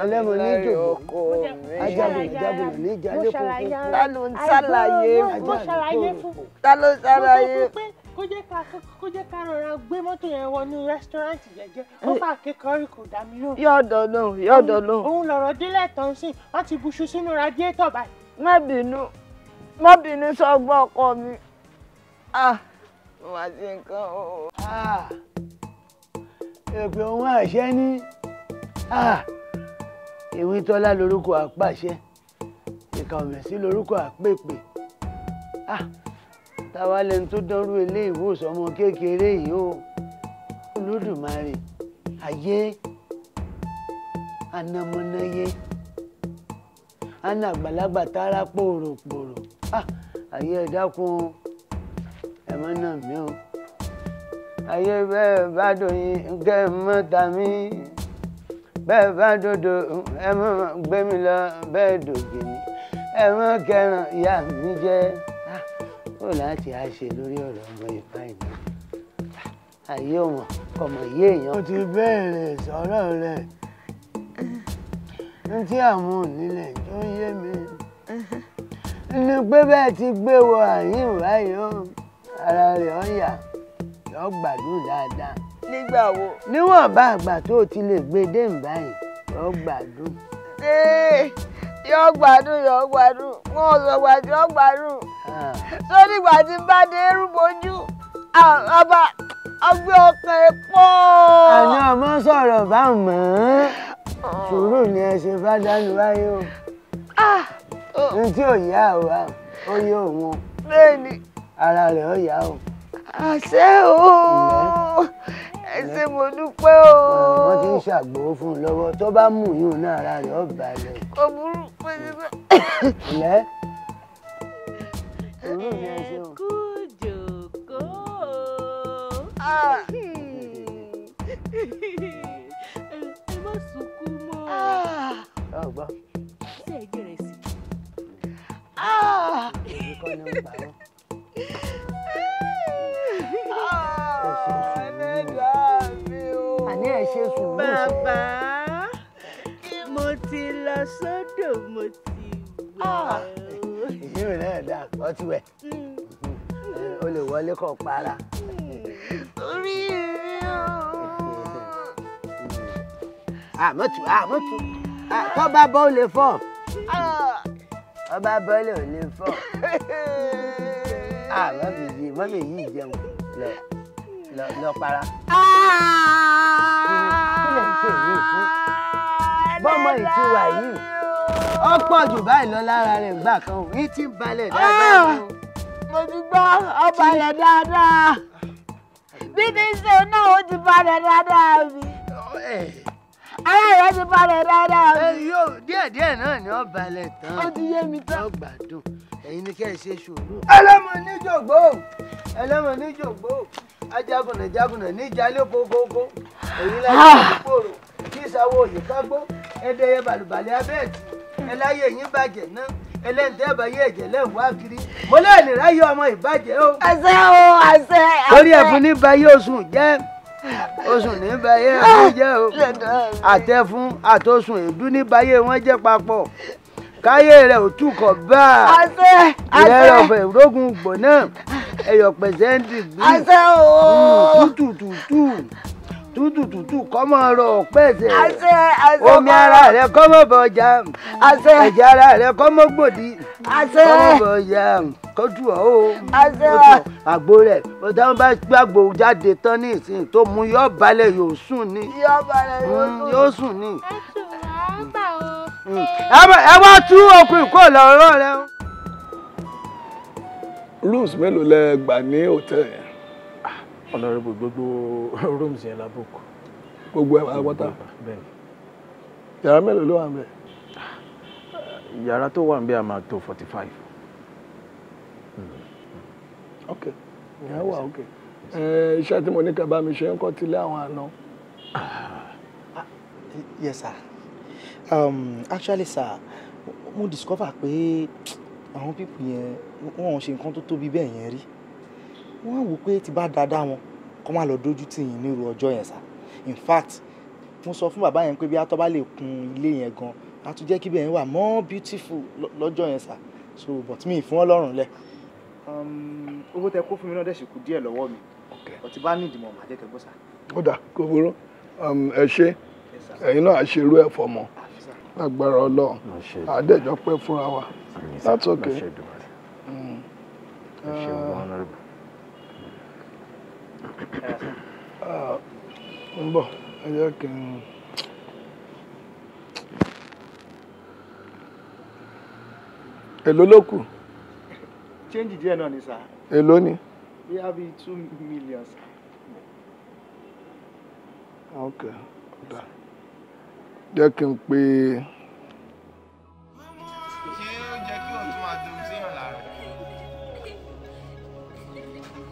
[SPEAKER 4] ẹlẹ́mu ní ìjòkó
[SPEAKER 3] ajábìlì ajábìlì ní ìjálẹ̀ kókó. ta ló ń ṣàlàyé fún ta ló ń ṣàlàyé fún kó jẹ́ ká kó jẹ́ ká rọra
[SPEAKER 5] gbé mọ́tò yẹn wọnú rẹ́sítọ́rántì jẹ́jẹ́ ó fà kékeré kò dá mi lóhùn. yóò dọ̀ lóhùn yóò dọ̀ lóhùn. òun lọ̀rọ̀ délẹ̀ tán sí wọ́n ti buṣu sínú radiétọ̀ báyìí. má bínú má bínú sọgbọ́n ọkọ mi wà ah,
[SPEAKER 4] sí nǹkan o. Ah, èpè òun àṣẹ ní ah, ìwé tọ́lá lórúkọ àpàṣẹ ìkà ọ̀mẹ̀sí lórúkọ àpèpè táwa lẹni tó dánrú ilé ìwòsàn ọmọ kékeré yìí o olódùmarè ayé anamọ́náyé ana àgbàlagbà tára pòròpòrò ayé ẹ dákun ẹ mọ́ náà mi o ayé bẹ́ẹ̀ bá dòyìn kẹ́ ẹ mọ́ ta mí bẹ́ẹ̀ bá dòdò ẹ mọ́ gbé mi lọ bẹ́ẹ̀ dògè mi kẹràn ìyá mi jẹ́ ó láti á ṣe lórí ọ̀rọ̀ ọmọ ìfá ìná ayé ọmọ ọmọ yé èèyàn. mo ti bẹ̀rẹ̀ sọ̀rọ̀ rẹ̀ ní tí àwọn onílẹ̀ tó yé mi ní pé bẹ́ẹ̀ ti gbé wọ àyín báyìí ara rẹ̀ ó yà lọ́ọ́ gbàdúrà dáadáa. nígbà wo. níwọ̀nba àgbà tó o ti lè gbé dé báyìí lọ́ọ́ gbàdúrà.
[SPEAKER 5] ṣé yọ gbádùn yọ gbádùn wọn ò sọ gbàdúrà gbádùn sórí ìgbà tí bá dé rúbojú àbá
[SPEAKER 4] ọgbẹ́ ọkàn ẹ pọ̀. àní ọmọ sọ̀rọ̀ bá mọ̀ ọ́n sùúrù ni ẹ ṣe bá dánú wáyé o ah, oh. ní tí ò yá wa ó yé òun bẹ́ẹ̀ni ara rẹ̀ ó yá o. àṣẹ o ẹ ṣé mo dúpẹ́ o. wọ́n ti ń ṣàgbówó fún un lọ́wọ́ tó bá mú yún náà ara rẹ̀ ó balẹ̀. kò burú pé ṣe bẹ́ẹ̀
[SPEAKER 6] ẹ mm, kú jókòó. Ah. ẹ má sunkún mọ́. ọgbọ́n. Ah. ṣé ẹ gbẹ̀rẹ̀ sí. Ah. èmi kọ́ ni ń gbà
[SPEAKER 4] wọ́n. àní ẹ ṣe sùúrù. bàbá mo ti lọ sódò mo ti wẹ̀ ìbéèrè náà dá ọtí wẹ̀ o lè wọlé kọ̀ para. orí rẹ o. àmọ́tù àmọ́tù tó bá bọ́ ò lè fọ́ ọba bọ́ọ̀lù ò lè fọ́ àmọ́ mi yìí mọ́ mi yìí jẹun lọ lọ lọ para. kí lè ń ṣe yìí fún bọ́mọ ìtura yìí ó pọ̀ jù báyìí lọ lára rẹ̀ gbà kan ò ní tí ń balẹ̀ dáadáa. Ah! mo ti gbọ́ ó balẹ̀ dáadáa bí ti ń ṣe náà ó ti balẹ̀ dáadáa mi ara rẹ̀ ti balẹ̀ dáadáa mi. yóò díẹ̀ díẹ̀ náà ni ó balẹ̀ tán ó ti yé mi tán ó gbádùn ẹ̀yin ni kẹ́ ẹ ṣe sùúrù. ẹlẹ́mọ̀ níjògbó ẹlẹ́mọ̀ níjògbó ajagunà jagunà níjà lóko èyí láyé ìdúgbòrò ah. kí ìsàwọ̀ òye kágbó ẹdẹyẹ bàlùbàlẹ̀ abẹ́ẹ̀tì ẹláyé yín bàjẹ́ náà ẹlẹ́ǹtẹ́ àbáyé ẹ̀jẹ̀ lẹ́wọ̀n àkiri mo lẹ́ẹ̀lì ráyé ọmọ ìbàjẹ́ o.
[SPEAKER 5] àṣẹ o àṣẹ àṣẹ. torí
[SPEAKER 4] ẹ̀fun ní bayé oṣù jẹ́ oṣù ní bayé ẹ̀fun jẹ́ o ah, àtẹ̀fún àtọ̀sùn èdú ní bayé wọn jẹ́ papọ̀ káyé rẹ̀ òtúkọ̀ bá ìrẹ́rọ̀ fẹ̀ rógun gbò náà ẹyọ pẹ̀sẹ́ǹtì gbé. àṣẹ ooo. Hmm, tútùtùtù tútùtùtù kọ́mọ ọ̀rọ̀ pẹ̀sẹ̀. àṣẹ àṣẹ omi ara rẹ kọ́mọ bọ̀jà. àṣẹ ẹ̀jẹ̀ ara rẹ kọ́mọ gbòdì. àṣẹ kọ́mọ bọ̀jà kọjú ọ o. àṣẹ ọ. àgbo rẹ ọ̀dà wọn bá gbàgbó jáde tán ní ìsìn tó mú yọ balẹ̀ yóò sùn ni. yọ balẹ̀ yóò sùn ni. yóò hmm, sùn ni. Hmm. ẹ wá tú okùn ìkó lọ́rọ́ rẹ o
[SPEAKER 1] rooms mélòó lẹ gbà ní hotel. yẹn. Ah, honorable gbogbo
[SPEAKER 2] rooms yẹn la book. gbogbo
[SPEAKER 1] ẹ̀ pátápátá yàrá mélòó ló wà ń bẹ̀. Ah, yàrá tó wà ń a máa tó forty five. Hmm, hmm. ok yàrá wà ok iṣẹ́ tí mo ní kẹ́ bá mi ṣe ń kọ́ tilé àwọn àna. Ah, yes sir
[SPEAKER 8] um, actually sir mo discover pé àwọn people yẹn wọn ò ṣe nǹkan tó tóbi bẹ́ẹ̀ yẹn rí wọ́n á wò pé ti bá dáadáa wọn kọ́ máa lọ dójú tì yín nírú ọjọ́ yẹn sá in fact mo sọ fún bàbá yẹn pé bí atọ́ bá lè kun ilé yẹn gan á tún jẹ́ kí bẹ́ẹ̀ yẹn wà more beautiful lọ́jọ́ yẹn sá so but mi ì fún wọn lọ́rùn lẹ̀. Um, owó tẹ kó fún mi náà dẹ̀ sì kú díẹ̀ lọ́wọ́ mi ọtí bá ní ìdìmọ̀ màá
[SPEAKER 7] jẹ́ kẹ́ gbọ́ sá.
[SPEAKER 1] ó dà kó burú um, ẹ ṣe ẹ̀yin náà àṣerú ẹ̀ fọmọ lágbára Ọlọ́run àdéjọ fúnra wa
[SPEAKER 5] that's okay ń
[SPEAKER 1] bọ̀ ẹ jẹ́ kí n. èló change díẹ̀ náà ni sá. èló ni. we have two million sá. ok jẹ́ kí n pe. Okay.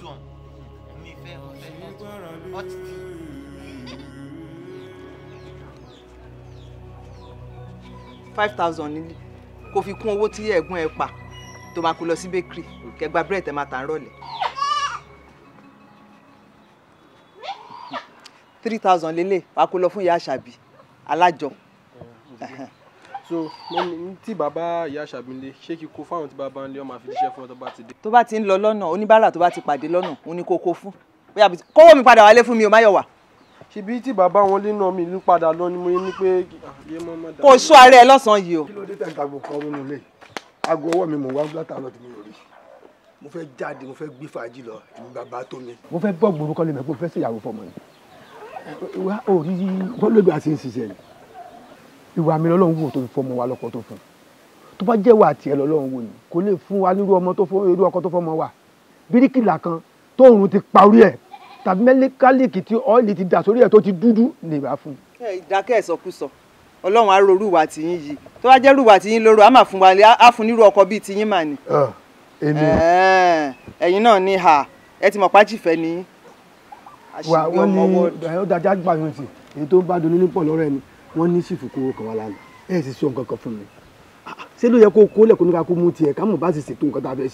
[SPEAKER 2] good one mi fẹ́ mo fẹ́ hot one hot tea.
[SPEAKER 7] five thousand nílé kó fi kún owó tí ẹ̀gbọ́n ẹ pa tó máa kó lọ sí bakery kẹgbà bread tẹ máa tà ń rọ̀lẹ́. three thousand lélẹ̀ wàá kó lọ fún ìyá àṣàbí alájọ
[SPEAKER 1] so mọ́mí tí bàbá ìyá Ṣàbílé ṣé kí kó fáwọn tí bàbá ń lé ọmọ àfi fún ọ tó bá ti dé.
[SPEAKER 7] tó bá ti ń lọ lọ́nà oníbàárà tó bá ti pàdé lọ́nà òun ni kò kó fún bóyá kówó mi padà wálé fún mi ò má yọ̀ wá. tí bàbá
[SPEAKER 1] wọn lé náà mi ló padà lọ ni mo ní pé. Ah,
[SPEAKER 2] kò sọ ara ẹ lọ́sàn-án yìí o. kí ló dé
[SPEAKER 1] tẹ̀ ń tagbo kan nínú ilé aago ọwọ́ mi mò wá látàárọ̀ tí ìwà mi lọ́lọ́run wò tó fi fọmọ wa lọ́kọ tó fún tó bá jẹ́ wà tiẹ̀ lọ́lọ́run wò ni kò lè fún wa nírú ọmọ tó fún irú ọkọ tó fọmọ wa bíríkìlà kan tóòrùn ti pa orí ẹ̀ tàbí mẹ́lẹ́kálíkì tí ọ́ọ̀lì ti dà sórí ẹ̀ tó ti dúdú lè bá fún.
[SPEAKER 7] ìdákẹ́ ìsọkúsọ ọlọ́run á rorú ìwà tìyín yìí tó bá jẹ́ rúwà tìyín lóró á mà fún wa á fún nírú ọkọ bíi tìyín mà ni. ẹ̀yin náà ni ha ẹ ti mọ̀ pàjìfẹ́ ni. wà wọ́n ní
[SPEAKER 1] ọ̀dájà gbàyànjì èyí tó wọ́n ní ṣìfù kówó kan wá lánàá ẹ̀ sì sọ nǹkan kan fún mi ah, ṣé ló yẹ kó kó lẹ̀kọ́ nípa kó mú tiẹ̀ kámọ̀ bá sì ṣètò nǹkan tá a fẹ́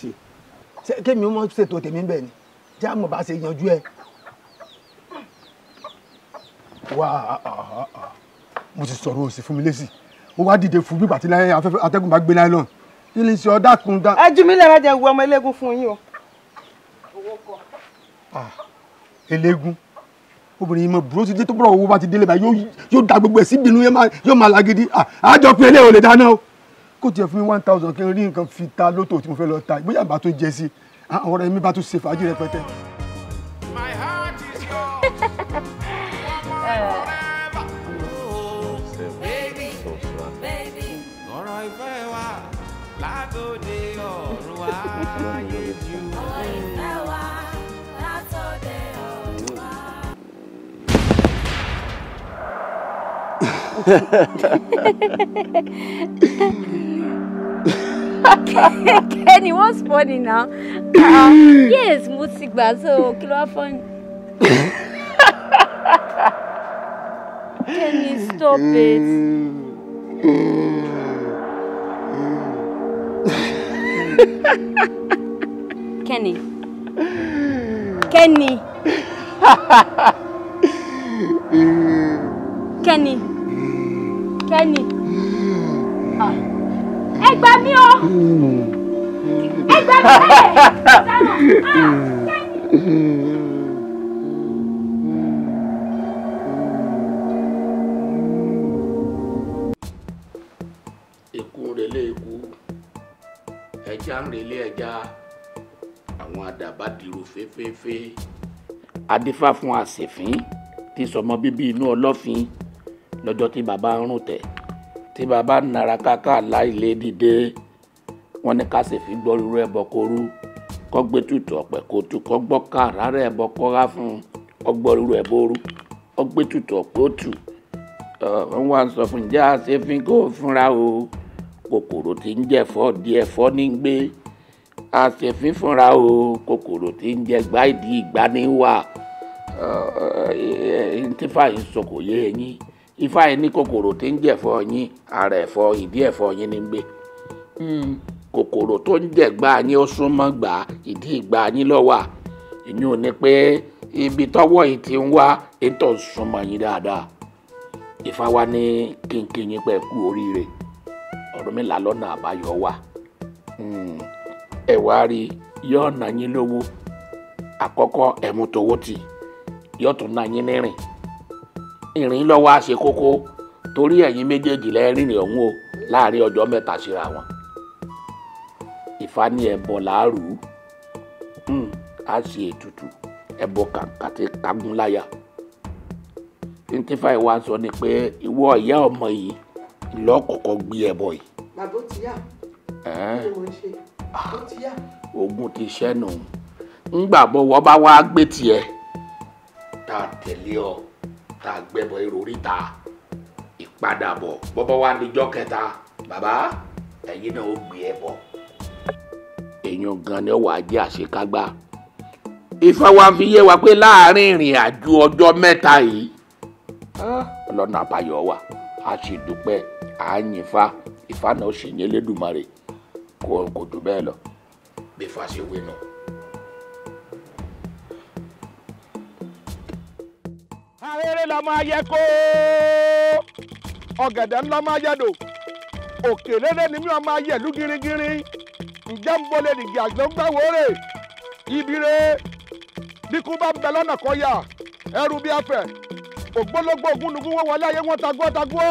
[SPEAKER 1] ṣe kémi wọn ṣètò tèmi bẹ́ẹ̀ ni jẹ́ àmọ̀ bá ṣe yanjú ẹ̀. wá
[SPEAKER 6] ah, ah,
[SPEAKER 1] mo ti sọ̀rọ̀ òsì fún mi lẹ́sì ó wá dìde fún bí bàtí láyé atẹ́gùn bá gbé láyé náà ilé iṣẹ́ ọ̀dà kun dá. ẹ jù mí lẹ́rẹ́ jẹ́ wọ ọmọ eléégún fún yín o.
[SPEAKER 6] owó kọ.
[SPEAKER 1] eléégún obìnrin mọ bùrọ̀ ti tó bọ̀rọ̀ owó bá ti délé báyìí yóò da gbogbo ẹ̀ sí ìbínú yóò máa lágídí àjọ pé eléyìí ò lè dáná o kò tiẹ̀ fún mi one thousand kí n rí nǹkan fi ta lóto tí mo fẹ́ lọ ta bóyá àbá tó jẹ sí àwọn ọ̀rẹ́ bá tún ṣe fàájì rẹpẹtẹ.
[SPEAKER 2] ọ̀rọ̀ ìfẹ́ ọ̀run wáyé jù.
[SPEAKER 10] Kenny, what's funny now? Uh, yes, music, ti gbà so kí ló wá funny. Kenny, stop it. Kenny. Kenny. Kenny. kẹ́ni
[SPEAKER 3] ah. ẹ gbà mí o
[SPEAKER 6] ẹ gbà mí bẹ́ẹ̀
[SPEAKER 1] ẹja ń relé ẹja àwọn àdàbà dìrò fẹ́fẹ́fẹ́ adífá fún àṣẹ̀fín tí sọmọ bíbí inú ọlọ́fin. lọ́jọ́ tí bàbá ń rùn tẹ̀ tí bàbá ń nara káká dìde wọn ní ká sì fi gbọ́ irú ẹbọ korú kọ́ gbé tutù ọ̀pẹ̀ kó tu kọ́ gbọ́ ká rárá rá fún ọgbọ́ irú orú ọgbé tutù ọ̀pẹ̀ ó wá ń sọ fún ìjà kó o kòkòrò ń jẹ ẹ̀fọ́ di ifeanyị ní kokoro tó ń jẹ̀fọ́ yín ara ẹfọ ìdí ẹfọ yín ní gbé to hmm, tó ń jẹ̀gbá yín ó súnmọ́ gbà ìdí ìgbà yín ìyún ni pé ibi tọwọ yìí ti ń wá ètò súnmọ́ yín dáadáa Ifá wa ní kínkín yín pẹ́ kú oríire Ọ̀rúnmìlà lọ́nà àbáyọ wà hmm, ẹ wá rí yín ìrìn lọ́wọ́ á ṣe kókó torí ẹ̀yin méjèèjì lẹ́rìn rìn ọ̀hún o láàrin ọjọ́ mẹ́ta síra wọn Ifá ní ẹbọ làárù hmm, á ṣe ètùtù ẹbọ kàǹkà tí kagún láyà twenty-five sọ ni pé ìwọ ìyá ọmọ yìí lọ́kọ̀ọ̀kọ̀ gbé ẹbọ yìí. bàbá ó ti yá kí ni mo ṣe ah. ó ti yá. ogun ti ṣẹ́nu ńgbà bọ́wọ́ bá wá gbé tiẹ̀ tá a tẹ̀lé ọ tá a gbẹ́bọ̀ èrò oríta ìpadàbọ̀ bọ́bọ́ wa níjọ́ kẹta bàbá ẹ̀yin náà ó gbé ẹbọ. èèyàn gan ni wàá jẹ́ àṣekágbá Ifá wa fi yé wa pé láàrin ìrìn àjò ọjọ́ mẹ́ta yìí ọlọ́nà àbáyọ wà á sì dúpẹ́ à ń yìnfà Ifá náà ó sì yín Elédùmarè kò jù bẹ́ẹ̀ lọ bí Ifá ṣe wé náà. ahéré la máa yẹ kó ọ̀gẹ̀dẹ̀ ńlá máa yẹ dò òkèlérè ni mí ọ máa yẹ̀lú girigiri ǹjẹ́ ń bolẹ̀ nìgbì àgbọ̀ngbẹ̀wò rè ibire bí kú bá ń bẹ lọ́nà kọ́ yà ẹrú bí afẹ́ ògbólógbó ògúnnugún wọ́n wọlé ayé wọ́n tagbọ́ tagbọ́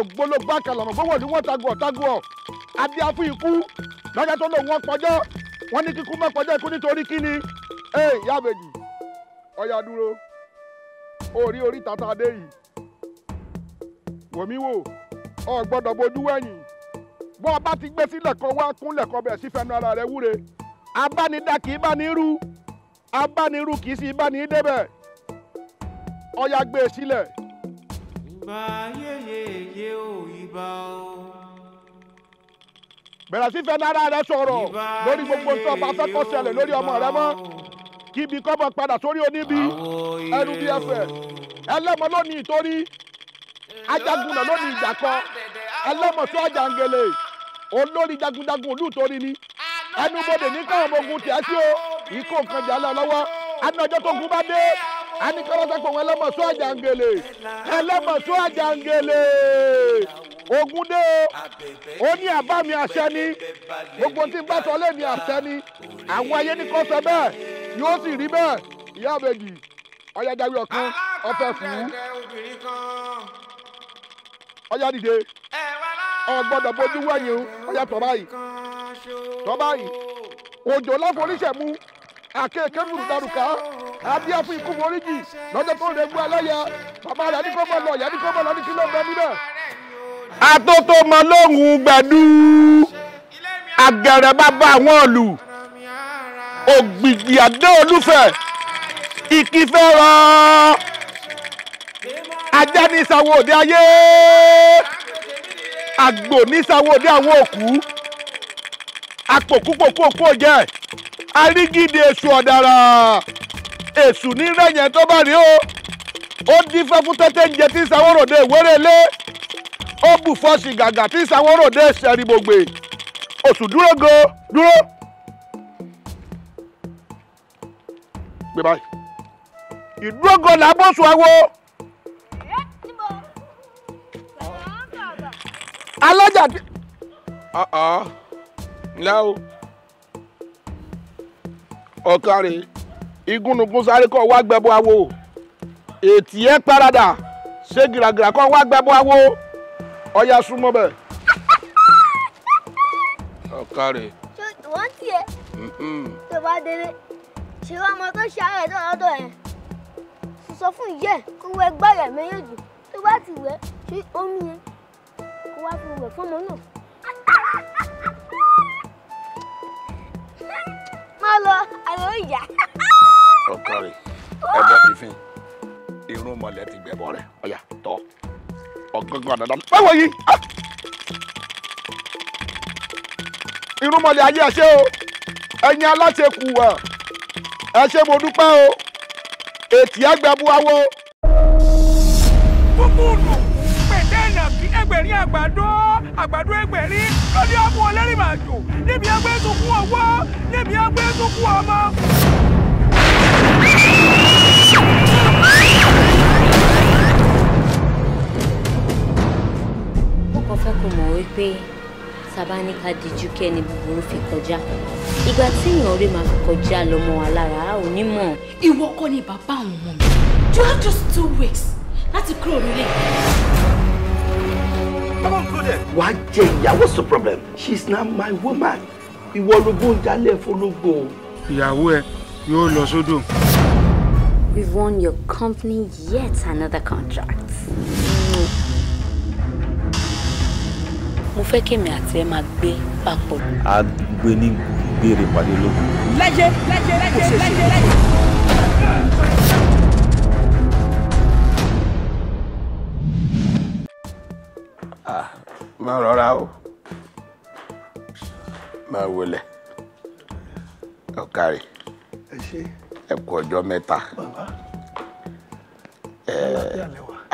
[SPEAKER 1] ògbólógbó àkàlàmọ̀ gbówó ni wọ́n tagbọ́ tagbọ́ adíá fún ikú lọ́jọ́ tó lòun ọpọjọ́ wọ́n ní kíkú mọ́ pọjọ́ ikú nítorí kíni ẹ̀ yábẹ̀jì ọ̀yà dúró orí orí tata dé yìí wòmí wò ọ gbọ́dọ̀ bójú wẹ̀yìn bó o bá ti gbé sílẹ̀ kan wá kúnlẹ̀ kan bẹ̀rẹ̀ sí fẹnu ara rẹ wúre abánidá kì í bá ní rú abánirú kì í sì bá ní débẹ̀ ọya gbé e sílẹ̀. ìbà yéyeye ò ìbà o. bẹ̀rẹ̀ sí fẹnu ara rẹ sọ̀rọ̀ lórí gbogbo tó o lórí ọmọ rẹ mọ́ kíbi kọ́mọ padà sórí oníbi ẹnu bí ẹfẹ ẹlẹ́mọ lónìí ìtorí ajagunlẹ̀ lónìí ìjàkọ ẹlẹ́mọ tó àjàngele olórí jagunjagun olú ìtorí ni ẹnubodè ní káwọn ogun tẹ̀ sí o ikú nǹkan jà lẹ́ lọ́wọ́ anájọ́ tó gun bá dé anikọ́lọ́sọ́kọ̀ wọn ẹlẹ́mọ tó àjàngele ẹlẹ́mọ tó àjàngele ogun dé o ó ní àbá àṣẹ ni gbogbo tí n lé ní àṣẹ ni àwọn ayé ní kò sọ bẹ́ẹ̀ yóò sì rí bẹ́ẹ̀ ìyá àbẹ̀jì ọ̀yàdáwí ọ̀kan ọ̀fẹ́ fún un ọ̀yà dìde ọ̀gbọ́dọ̀ bójú wẹ̀yìn o ọ̀yà tọ́ báyìí tọ́ báyìí òjò lọ́fọ̀ oníṣẹ̀mú àkèké fún ìdárúkà adíẹ fún ikú foríjì lọ́jọ́ tó lè gbé ẹlẹ́yẹ bàbá rẹ̀ àdìgbò bọ̀ lọ yàdìgbò bọ̀ lọ ní kí ló bẹ níbẹ̀. atótó mọ lóhùn gbẹdú àgẹrẹ bàbá àwọn òlù ògbìgbì àdé olúfẹ̀ ìkífẹ́ rọ ajá ní ìsàwọ òde ayé àgbò ní ìsàwọ òde àwọn òkú àpòkúpòkúòkú jẹ arígídé èṣù ọ̀dàrà èṣù ní rẹ̀yẹ̀ tó bá rí o ó dífẹ́ fún tẹ́tẹ́ ń jẹ tí ń sanwó ròde ìwéré lé ó bù fọ́ọ̀sì gàgà tí ń sanwó ròde ṣẹ̀rìbògbè òṣù dúró go dúró gbé báyìí ìlú ògo làbọ̀sùn awo. alájà dé. Uh-uh. ǹlẹ́ o ọ̀kàrẹ̀ igúnnugún sáré kọ́ wá gbẹ́bọ awo ètì ẹ̀ parada ṣé gìràgìrà kọ́ wá gbẹ́bọ awo ọ̀ya súnmọ́ bẹ́ẹ̀.
[SPEAKER 6] ọ̀kàrẹ̀. wọ́n ti ẹ̀ tó bá délé
[SPEAKER 5] ṣe
[SPEAKER 4] wá ọmọ tó ṣe ara lọ́dọ̀ ẹ̀ sọ fún ìyá ẹ̀ kó wẹ ẹgbẹ́ méjèèjì tó bá ti wẹ̀ ṣe omi yẹn kó wá fi wẹ̀ fún ọmọ náà. má lọ àlọ́ ìyá.
[SPEAKER 1] ọkọ rẹ ẹgbẹ́ ti fin irun mọ̀lẹ́ ti gbẹ̀bọ̀ rẹ̀ ọ̀yà tọ́ ọ̀gángan dandan báwo yìí irun mọ̀lẹ́ ayé ẹ̀ ṣe o ẹ̀yin aláṣẹ kù wọ̀ ẹ ṣé mo dúpẹ́ o ètì ẹgbẹ́buwáwo. gbogbo òdò pẹ̀lẹ́ ìnàkí ẹgbẹ̀rin àgbàdo àgbàdo ẹgbẹ̀rin lórí ọmọ ọlẹ́rìn àjò níbi ẹgbẹ́ tó kú ọwọ́ níbi ẹgbẹ́ tó kú ọmọ.
[SPEAKER 6] mo kàn fẹ́ kó mọ̀ wípé sábà
[SPEAKER 10] ní ká dijú fi kọjá ìgbà tí èèyàn rí máa fi kọjá lọmọ wa lára a
[SPEAKER 3] ìwọ kọ́ ni bàbá àwọn ọmọ mi you have just two weeks láti kúrò nílé.
[SPEAKER 1] wà á jẹ ìyàwó what's the problem she is now my woman ìwọ ológbó ń jalè fọlọgbò. ìyàwó ẹ yóò lọ sódò.
[SPEAKER 10] We've won your company yet another contract. Mm mo fẹ́ kí èmi àti ẹ máa gbé
[SPEAKER 1] papọ̀. a gbé ní gbére pàdé lókun.
[SPEAKER 3] lẹ́yẹ lẹ́yẹ lẹ́yẹ lẹ́yẹ lẹ́yẹ.
[SPEAKER 1] máa rọra o máa wọlé ọkàrí ẹ kú ọjọ́ mẹ́ta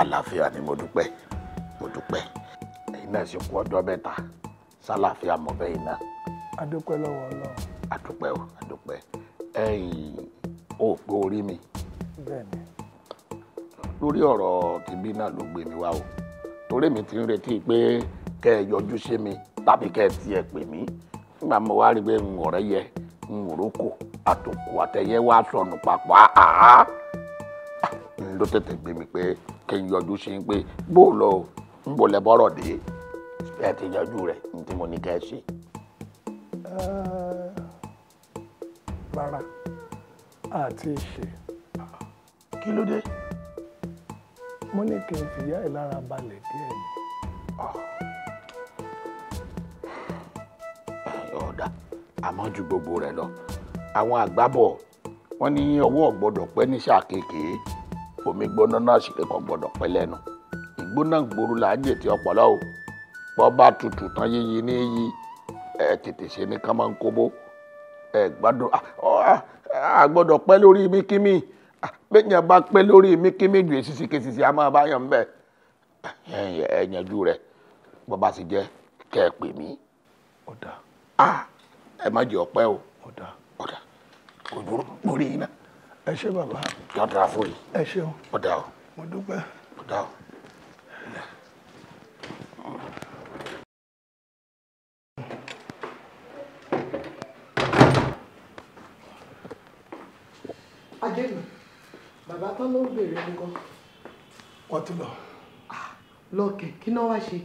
[SPEAKER 1] àlàáfíà ni mo dúpẹ́ mo dúpẹ́ náà sì kú ọjọ́ mẹ́ta sálàáfíà mọ̀ bẹ́yìn náà. adúpẹ́ lọ́wọ́ ọlọ́run. adúpẹ́ o adúpẹ́ ẹ̀yìn o pé orí mi. bẹ́ẹ̀ni. lórí ọ̀rọ̀ tìbí náà ló gbé mi wá o torí mi ti ń retí pé kẹ́ ẹ yọjú sí mi tàbí kẹ́ ẹ tiẹ̀ pè mí nígbà mo wá rí i pé n ọ̀rẹ́ yẹ n òrókò àtòkù àtẹ̀yẹ wá sọnù papọ̀ àá ló tètè gbé mi pé kí n yọjú sí i pé bó lọ o ń bò lẹ bọ́rọ̀ dé ẹ ti yanjú rẹ̀ ní tí mo ní kẹ́ ẹ ṣe. rárá àti ṣe. kí ló dé. mo ní kí n fìyà ẹ̀ lára balẹ̀ díẹ̀ ni. ọ̀dà àmọ́ ju gbogbo rẹ̀ lọ àwọn àgbábọ̀ wọ́n ní ọwọ́ gbọ́dọ̀ pẹ́ ní sáà kéèké omi gbóná náà sì kò gbọ́dọ̀ pẹ́ lẹ́nu gbóná gbòòrò là á jẹ ti ọpọlọ o bọ́ bá tutù tán yíyí ní yí ẹ tètè ṣe ní kán máa ń kóbó ẹ gbádùn a gbọ́dọ̀ pẹ́ lórí mikimi bẹ́ẹ̀yàn bá pẹ́ lórí mikimi ju èsìsì kesìsì a máa bá yàn bẹ́ẹ̀ ẹ yanjú rẹ bọ́ bá sì jẹ́ kẹ́ ẹ pè mí. ọ̀dà. ẹ má jẹ ọpẹ́ o. ọ̀dà. ọ̀dà kò dúró mórí iná. ẹ ṣé bàbá. kí wọ́n fún yìí. ẹ ṣeun. ọ̀dà o. mo dúpẹ́. ọ̀dà o ajẹ́lu bàbá tán ló ń bèrè mi gan. wọ́n ti lọ. Ah, lọ́ọ̀kẹ̀ kí náà wá ṣe.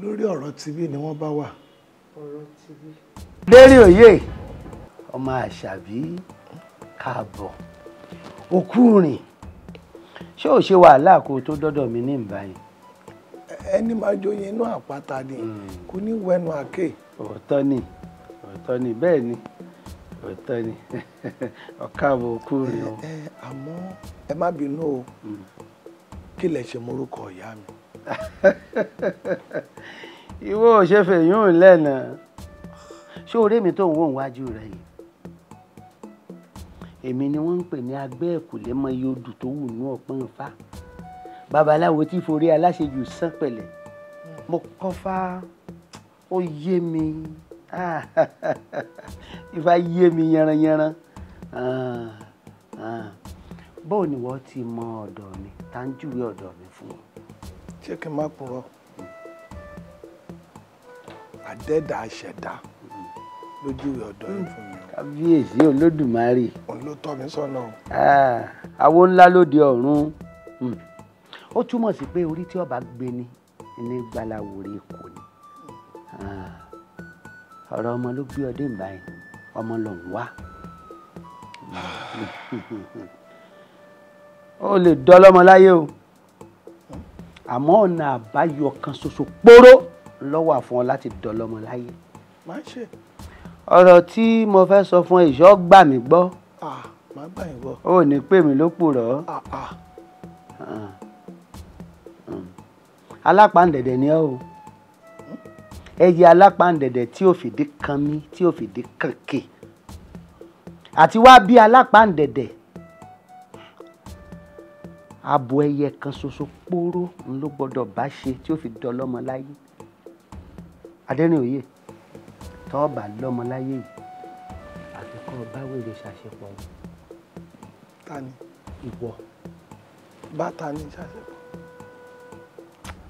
[SPEAKER 1] lórí ọ̀rọ̀ tibí ni wọ́n bá wà. ọ̀rọ̀
[SPEAKER 4] tibí. lérí òye ọmọ àṣàbí káàbọ̀ òkú rìn ṣé ò ṣe wàhálà kó tó dọ́dọ̀ mi ní ìbáyìí. ẹni máa joyè inú àpáta ni hmm. kò ní wẹnu àkè. òótọ́ ni òótọ́ ni bẹ́ẹ̀ ni òótọ́ ni ọ̀káàbọ̀ òkú rè o.
[SPEAKER 1] àmọ́ ẹ má bínú o hmm. kí lẹ ṣe morúkọ
[SPEAKER 2] ìyá mi.
[SPEAKER 4] ìwọ ò ṣe fèyún lẹ́nà ṣé orí mi tó ń wò níwájú rẹ yìí èmi ni wọ́n ń pè ní agbẹ́ ẹ̀kúlẹ́mọ yodù tó wù ní ọ̀pọ̀ nǹfà. babaláwo tí forí aláṣejù sán pẹ̀lẹ́ hmm. mo kọ́ fá ó yé mi ifá yé mi yanranyanran ah, ah. bóò ni wọ́n ti mọ ọ̀dọ̀ mi tá ń júwe ọ̀dọ̀ mi fún ọ.
[SPEAKER 1] ṣé kí n má purọ́ àdẹ́dà àṣẹ̀dá lójú ọ̀dọ̀ yìí fún mi.
[SPEAKER 4] kábíyèsí olódùmarè.
[SPEAKER 1] òun ló tọ́ mi sọ́nà.
[SPEAKER 4] àwo ah, ńlá lóde ọ̀run. Mm ó túmọ̀ sí pé orí tí ọba gbé ni ní gbalawo rẹ̀ kò ní ah, ọ̀rọ̀ ọmọ ló gbé ọdẹ ìbáyìí ọmọ ló ń wá ó lè dọ́lọ́mọ láyé o àmọ́ ọ̀nà àbáyọ kan ṣoṣo póró lọ́wọ́ àfún ọ láti dọ́lọ́mọ láyé ọ̀rọ̀ tí mo fẹ́ sọ fún ẹ ìṣọ́ gbà mí
[SPEAKER 2] ah, gbọ́
[SPEAKER 4] ó ní pè mí ló purọ́.
[SPEAKER 2] Ah,
[SPEAKER 4] alápàǹdẹ̀dẹ̀ ni ọ́ o ẹyẹ alápàǹdẹ̀dẹ̀ tí ò fìdí kan mí tí ò fìdí kan kè àti wá bí alápàǹdẹ̀dẹ̀ abo ẹyẹ kan ṣoṣo póró ló gbọ́dọ̀ bá ṣe tí ó fi dọlọ́mọ láyé adẹ́rìn òye tọ́ọ̀bà lọ́mọ láyé yìí àti kọ́ ọ bá ta ni ìwọ
[SPEAKER 1] bá ta ni ṣàṣepọ̀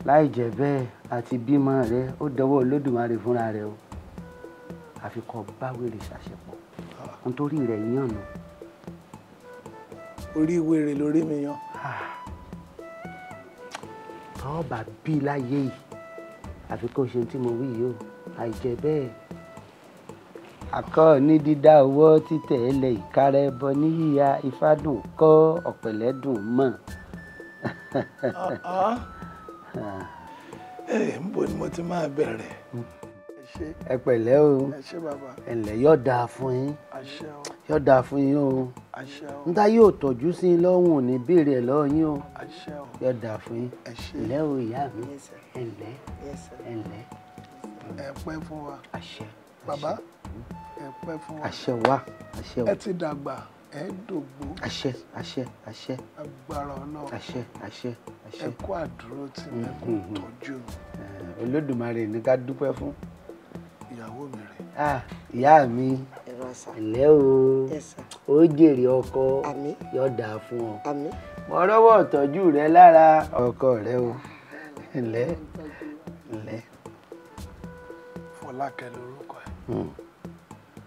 [SPEAKER 4] láì jẹ́ bẹ́ẹ̀ àti bímọ rẹ ó dọwọ́ olódùmarè fúnra rẹ o àfi kó báwèrè ṣàṣepọ̀ nítorí rẹ̀ yàn nù.
[SPEAKER 1] orí wèrè lórí mi yan.
[SPEAKER 4] tọ́ọ̀bà bíi láyé yìí àfi kó ṣe tí mo wí yìí o àìjẹ́ bẹ́ẹ̀ àkọ́ ní dídá owó títẹ̀ ẹlẹ̀ ìkárẹ́ bọ níyíya ifádùn kọ́ ọ̀pẹ̀lẹ́dùn mọ̀. Ah, ah ẹ
[SPEAKER 1] ń bọ̀ ni mo ti máa bẹ̀rẹ̀.
[SPEAKER 4] ẹ pẹ̀lẹ́ o ẹ ǹlẹ́ yóò dáa fún yín yóò dáa fún yín o níta yóò tọ́jú sí i lọ́hùn ní béèrè ẹ̀ lọ́wọ́ yín o yóò dáa fún yín ǹlẹ́ o ìyá mi ẹ ǹlẹ́ ẹ pẹ́ fún wa
[SPEAKER 1] bàbá ẹ pẹ́ fún wa
[SPEAKER 4] wa àṣẹ wa ẹ ti
[SPEAKER 1] dàgbà ẹ dògbò.
[SPEAKER 4] àṣẹ àṣẹ àṣẹ.
[SPEAKER 1] agbára Ọlọ́run. àṣẹ
[SPEAKER 4] àṣẹ àṣẹ. ẹ
[SPEAKER 1] kú àdúró tí mi mm-hmm. kò tọ́jú mi.
[SPEAKER 4] Eh, Olódùmarè ni ká dúpẹ́ fún. ìyàwó mi rè. Ah, ìyá mi ẹ̀lẹ́ o ó jèrè ọkọ yóò dáa fún ọ. mo rọ́wọ́ ìtọ́jú rẹ lára ọkọ rẹ o ẹ̀lẹ́
[SPEAKER 1] ẹ̀lẹ́. Fọlákẹ́ lorúkọ ẹ̀ hmm.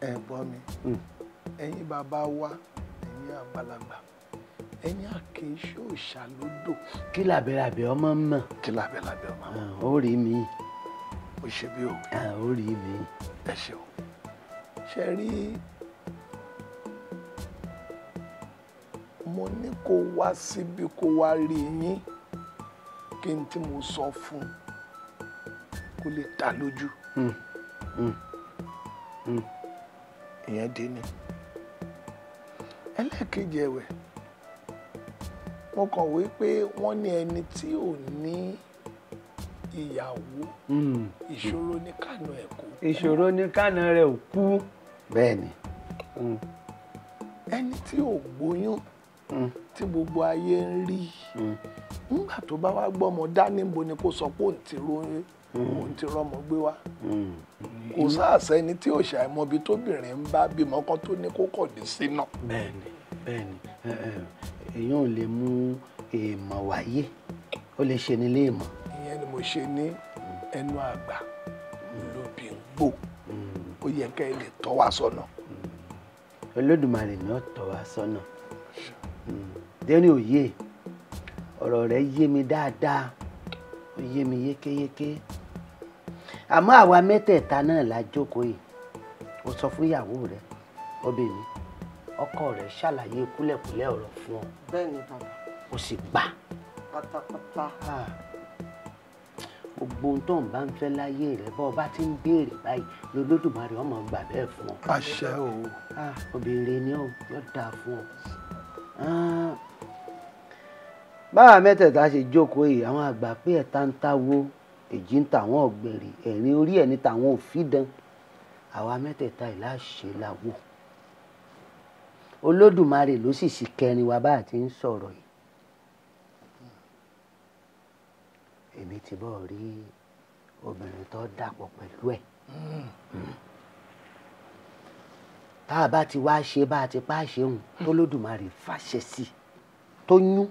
[SPEAKER 1] ẹ̀ gbọ́ mi hmm. ẹ̀yin bàbá wa ẹ̀yin àgbàlagbà ẹ̀yin àkè iṣẹ́ òòṣà lódò.
[SPEAKER 4] kí làbẹ̀làbẹ̀ ọmọ mọ̀. kí làbẹ̀làbẹ̀ ọmọ mọ̀. ó rí mi. ó ṣe bí o. ó rí
[SPEAKER 1] mi. ẹ ṣeun ṣe rí mo ní kó wá síbi kó wá rí yín kí n tí mo sọ fún un kó lè ta lójú. Hmm. Hmm. Hmm. ìyẹn dé ni ẹlẹ́ẹ̀kejì ẹ̀wẹ̀ mo kàn wí pé wọ́n ní ẹni tí ò ní ìyàwó hmm. ìṣòro ní kànú ẹ̀ kú. ìṣòro ní kànú rẹ̀ ò kú. bẹ́ẹ̀ ni. Hmm. ẹni tí ò gbóyún hmm. tí gbogbo ayé ń rí nígbà tó bá wá gbọ́mọ dání bo ni kó sọ pé òun ti ro òun ti rọmọ gbé wá hmm. kò sáàsẹ ẹni tí òṣà ẹ mọbi tóbìnrin ń bá bímọ kan tó ní kó kọ̀dé sí náà.
[SPEAKER 6] bẹ́ẹ̀ni
[SPEAKER 4] bẹ́ẹ̀ni èèyàn ò lè mú èèmọ̀ wáyé ó lè ṣe ní léèmọ̀.
[SPEAKER 1] ìyẹn ni mo ṣe ní ẹnu àgbà hmm. lóbi ń gbò hmm. ó yẹ ká ẹ lè tọ́ wa sọ́nà. olódùmarè ni ó tọ́ wa
[SPEAKER 4] sọ́nà dẹ́ni òye ọ̀rọ̀ rẹ̀ yé mi dáadáa ó yé mi yékéyéké àmọ́ àwa mẹ́tẹ̀ẹ̀ta náà la jókòó yìí o sọ fún ìyàwó rẹ ọbẹ̀ mi ọkọ rẹ ṣàlàyé kúlẹ̀kúlẹ̀ ọ̀rọ̀ fún ọ. bẹ́ẹ̀ni bàbá. o sì gbà. pátápátá. gbogbo ohun tó ń bá ń fẹ́ láyé rẹ bọ́ ọ bá ti ń béèrè báyìí ni olódùmarè ọmọ gbà bẹ́ẹ̀ fún ọ. àṣẹ o. obìnrin ni ó yọ dáa fún ọ. báwa mẹ́tẹ̀ẹ̀ta ṣe jókòó yìí àwọn àgbà pé ẹ̀ta ń táwó èjì ń tàwọn ọ̀gbẹ̀rì ẹ̀rin orí ẹ̀ ní tàwọn òfìdán àwa mẹ́tẹ̀ẹ̀ta ìláṣẹ la wò olódùmarè ló sì sì kẹrin wa bá a ti ń sọ̀rọ̀ yìí èmi ti bọ́ rí obìnrin tó dàpọ̀ pẹ̀lú ẹ̀ tá a bá ti wá ṣe bá a ti pa ṣe òun tó lódùmarè fàṣẹ sí tó yún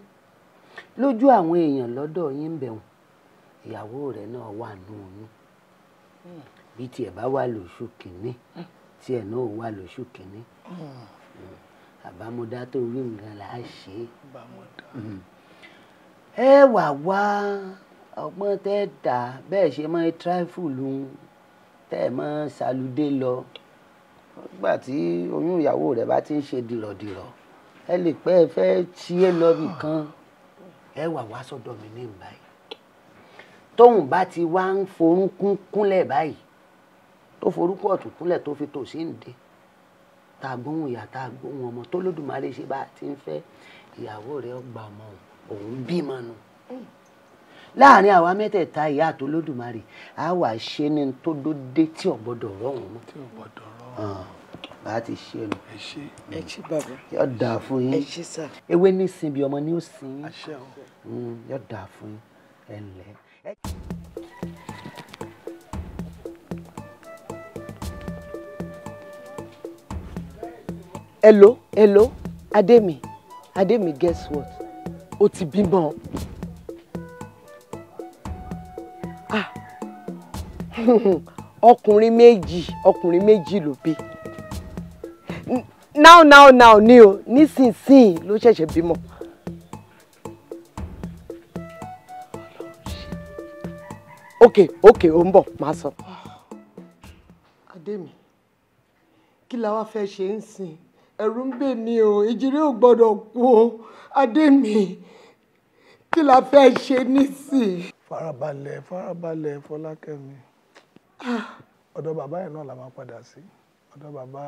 [SPEAKER 4] lójú àwọn èèyàn lọ́dọ̀ yín bẹ̀rùn ìyàwó rẹ̀ náà wà nù oyún hmm. bí tiẹ̀ bá wà lóṣù kìíní hmm. tiẹ̀ náà wà lóṣù kìíní hmm. àbámọ̀dá tó wí nǹkan là á ṣe é ẹ wà wá ọgbọ́n tẹ́ dà bẹ́ẹ̀ ṣe máa tráfùlù tẹ́ ẹ máa ṣàlùdé lọ nígbà tí oyún ìyàwó rẹ̀ bá ti ń ṣe dìrọ̀dìrọ̀ ẹ lè pẹ́ ẹ fẹ́ tiẹ́ lọ kan ẹ wà wá sọ́dọ̀ mi ní ìbáyìí tóun bá ti wá ń forúnkún kúnlẹ̀ báyìí tó forúkún ọ̀tún kúnlẹ̀ tó fi tòsí ń dé tá gbóhùn ìyá tá gbóhùn ọmọ tó lódùmarè ṣe bá a ti ń fẹ́ ìyàwó rẹ̀ ọgbà ọmọ òun bímọ nù. láàárín àwa mẹ́tẹ̀ẹ̀ta ìyá tó lódùmarè á wà ṣe ni tó dóde tí ò gbọ́dọ̀ rọrùn mọ́. tí ò gbọ́dọ̀ rọrùn. bá a ti ṣe nù. ẹ ṣe ẹ ṣe bàbá. yóò dà fún yín. ẹ ṣe sà. ewé ní sinbi ọmọ ni ó sin yín. yóò dà fún yín ẹ ǹlẹ́
[SPEAKER 8] hello hello ademi ademi guess what o ti bímọ ah ọkùnrin meji, ọkùnrin méjì ló bí now now now ni o nísinsìnyí Lo ṣẹ̀ṣẹ̀ bimbo. ok ok ò ń bọ̀ máa sọ. adémi kí la wá fẹ́ ṣe ń sìn ẹ̀rù ń bè mí o ìjírí ò gbọ́dọ̀ kú o adémi kí la fẹ́ ṣe
[SPEAKER 1] nísìn. farabalẹ̀ farabalẹ̀ fọlákẹ́mi ah. ọ̀dọ̀ bàbá yẹn náà la máa padà sí ọ̀dọ̀ bàbá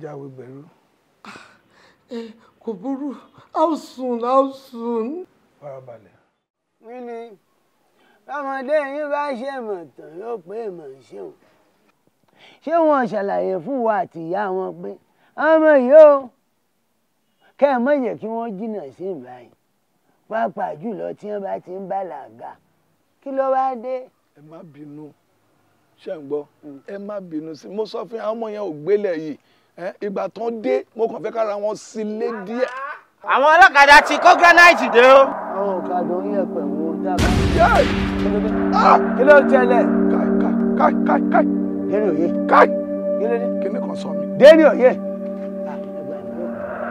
[SPEAKER 1] jáwé bẹ̀rù. Ah, kò burú how soon how soon. farabalẹ̀.
[SPEAKER 4] really tọmọdé yín bá ṣe mọ̀ tán yóò pé mọ̀ ṣeun ṣé wọn ṣàlàyé fún wa àtìyá wọn pé ọmọ yìí ó kẹ́ ẹ̀ mọ̀ yẹ kí wọ́n jìnnà sí ìbáyìí pàápàá jùlọ tí wọ́n bá ti ń bàlágà kí ló bá dé.
[SPEAKER 1] ẹ má bínú ṣe ń gbọ́ ẹ má bínú sí mo sọ fún yín àwọn ọmọ yẹn ò gbélé yìí ìgbà tó ń dé mo kàn fẹ́ kára wọn sí lé díẹ̀. àwọn ọlọ́kadà ti kó granite dé o. àwọn ọ̀kadà ń yẹ pẹ̀lú dábàá
[SPEAKER 4] kí ló tẹ̀lé. Kai, káì káì káì
[SPEAKER 1] káì. dẹ́ni òye. káì. kí ló dé. Ah! kíní kan sọ mi. dẹ́ni òye.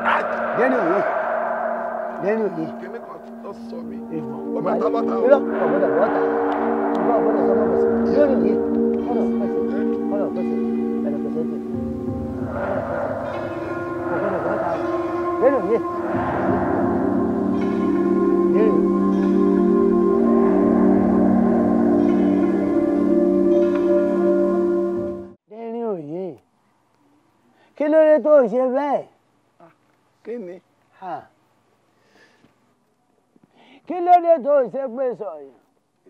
[SPEAKER 1] Ah, dẹ́ni òye. dẹ́ni òye. kíní kan tó sọ mi.
[SPEAKER 4] ọmọ ẹ̀ta lọ́ta o. ọmọ ẹ̀ta lọ́ta. ọmọ ẹ̀ta lọ́ta. dẹ́ni òye. ọ̀nà pẹ̀sẹ̀ ọ̀nà pẹ̀sẹ̀ ẹ̀nà pẹ̀sẹ̀ tẹ̀. ọ̀nà pẹ̀sẹ̀ dẹ́ni òye. kí ló dé tó ṣe bẹ́ẹ̀. kémi. kí ló dé tó ṣe pé sọ̀yàn.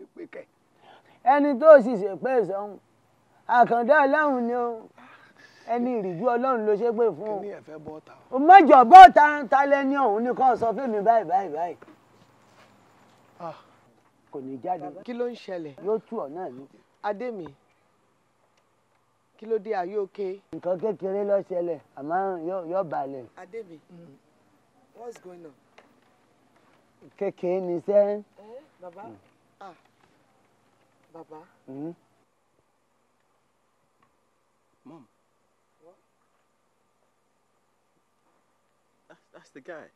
[SPEAKER 4] èpè kẹ. ẹni tó sì ṣe pé sọ̀hún àkàndá ọlọ́run ni o ẹni ìrìjú ọlọ́run ló ṣe pé fún un. o mọ̀jọ̀ bọ́ ta ta lẹ́ni ọ̀hún ni kò sọ fún mi báyìí báyìí báyìí. kò ní jáde. kí ló ń ṣẹlẹ̀. yóò tú ọ náà ní. adé mi kí ló dé are you okay. nǹkan kékeré ló ṣẹlẹ̀ àmọ́ yóò balẹ̀.
[SPEAKER 8] adébí mm-hmm. what's going on.
[SPEAKER 4] kékeré ni sẹ́.
[SPEAKER 8] Eh, Baba. Mm. ah bàbá.
[SPEAKER 4] Mm-hmm.
[SPEAKER 2] mom What? That's, that's the guy.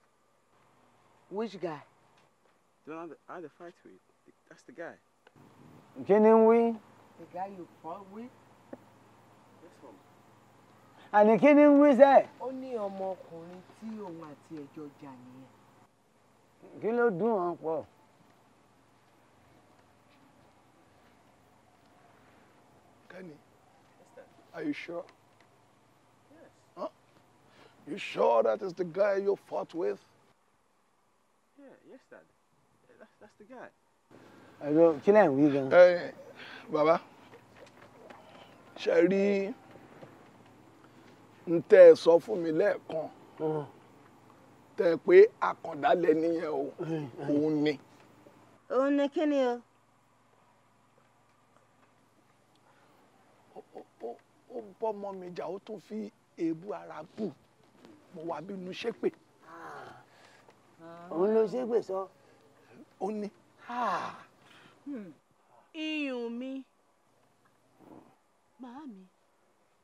[SPEAKER 2] which guy. the one I had a fight with that's the guy. kí ni wí. the guy you fought with
[SPEAKER 4] àní kí ni ń wí sẹ́.
[SPEAKER 2] ó ní
[SPEAKER 8] ọmọkùnrin tí òun àti ẹ̀jọ̀ jà nìyẹn. kí
[SPEAKER 4] ló dùn wọn pọ̀.
[SPEAKER 1] Kenny, are you sure? Yes. Huh? You sure that is the guy you fought with?
[SPEAKER 2] Yeah, yes, Dad. That, that's the guy.
[SPEAKER 1] I Ẹ̀rọ kí lẹ́yìn wí gan. Bàbá, ṣe rí n tẹ́ ẹ sọ fún mi lẹ́ẹ̀kan uh-huh. tẹ́ ẹ pé àkàndá lẹni yẹn o òun ni. òun ni kí ni o. ó bọ́mọ mi jà ó tún fi èébú ara bù mo wà bínú ṣépè. òun ló ṣépè sọ. ó ní.
[SPEAKER 5] Hmm. iyùn mi màámi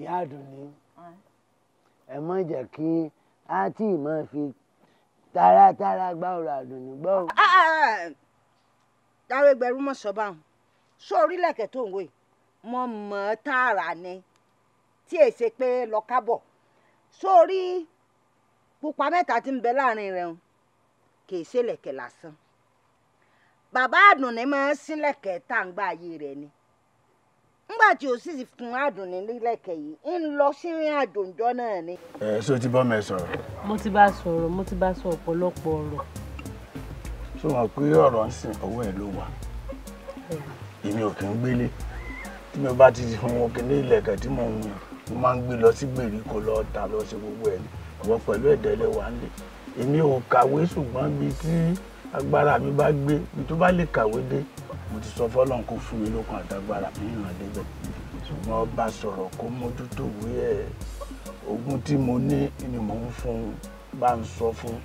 [SPEAKER 4] ìyá àdùnní ẹ má jẹ́ kí
[SPEAKER 5] á tì máa fi taratara gbá ọ̀rọ̀ àdùnní gbọ́. Ah, ah, ah, dáwọ́ ẹgbẹ̀rú mọ̀ sọ́ba hàn sọ orílẹ̀-èkẹ́ tó ń wé mọ̀ mọ́ tààrà ni tí èyí ṣe pé lọ́kábọ̀ sórí pupa mẹ́ta tí ń bẹ láàrin rẹ̀ kì í ṣe lẹ̀kẹ̀ lásán bàbá àdùnní máa ń sílẹ̀kẹ̀ tá à ń gbá ayé rẹ̀ ni ńgbà tí o sì fún àdùnní nílẹ̀kẹ̀ yìí ń lọ sírìn àjò ńjọ́ náà ni.
[SPEAKER 1] ẹ ṣó ti bá mi sọ̀rọ̀.
[SPEAKER 3] mo ti bá sọ̀rọ̀ mo ti bá sọ ọ̀pọ̀lọpọ̀ ọ̀rọ̀.
[SPEAKER 1] ṣé wọn pé ọ̀rọ̀ ń sìn ọwọ́ ẹ̀ ló wà èmi ò kì í gbélé tí mo bá ti fún wọn kí ní ilẹ̀kẹ̀ tí mo ń wù mo máa ń gbé lọ sí gbèríko lọ ta lọ sí gbogbo ẹ̀ àwọn pẹ̀lú ẹ̀dẹ́lẹ̀ wà ń lè èmi ò kàwé ṣùgbọ́n bíi tí agbára mi bá gbé ibi tó bá lè kàwé dé mo ti sọ fọlọ́n kó fún mi lókun àtagbára mi ìràn débẹ̀ ṣùgbọ́n ọba sọ̀rọ̀ kó mójútó wí ẹ̀ ogún tí mo ní ni mò ń fún bá ń sọ fún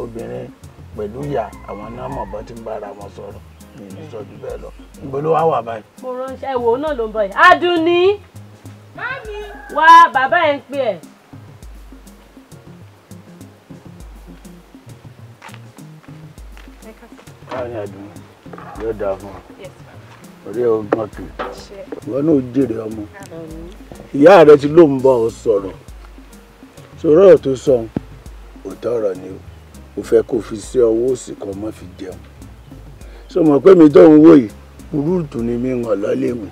[SPEAKER 1] obìnrin pẹ̀lú ìyá àwọn náà mọ̀ bọ́ ti ń bára wọn sọ̀rọ̀ mi ní sọ jù bẹ́ẹ̀ lọ níbo ló wá wà báyìí.
[SPEAKER 3] mo ránṣẹ́ ẹ̀wò náà ló ń bọ̀ yìí Adùnní wá bàbá ẹ̀ ń pè ẹ́.
[SPEAKER 1] Báyọ̀ ni yóò dáa fún ọ orí ẹ gbọ́n kì
[SPEAKER 6] í
[SPEAKER 1] wọn náà jèrè ọmọ ìyá rẹ ti ló ń bá ọ sọ̀rọ̀ sọ̀rọ̀ ọ̀rọ̀ tó sọ òótọ́ ọ̀rọ̀ ni o fẹ́ kó fi sí ọwọ́ òsì kan má fi jẹun sọ mọ̀ pé mi tó ń wò yìí burúkú ni mi hàn lọ́lé mi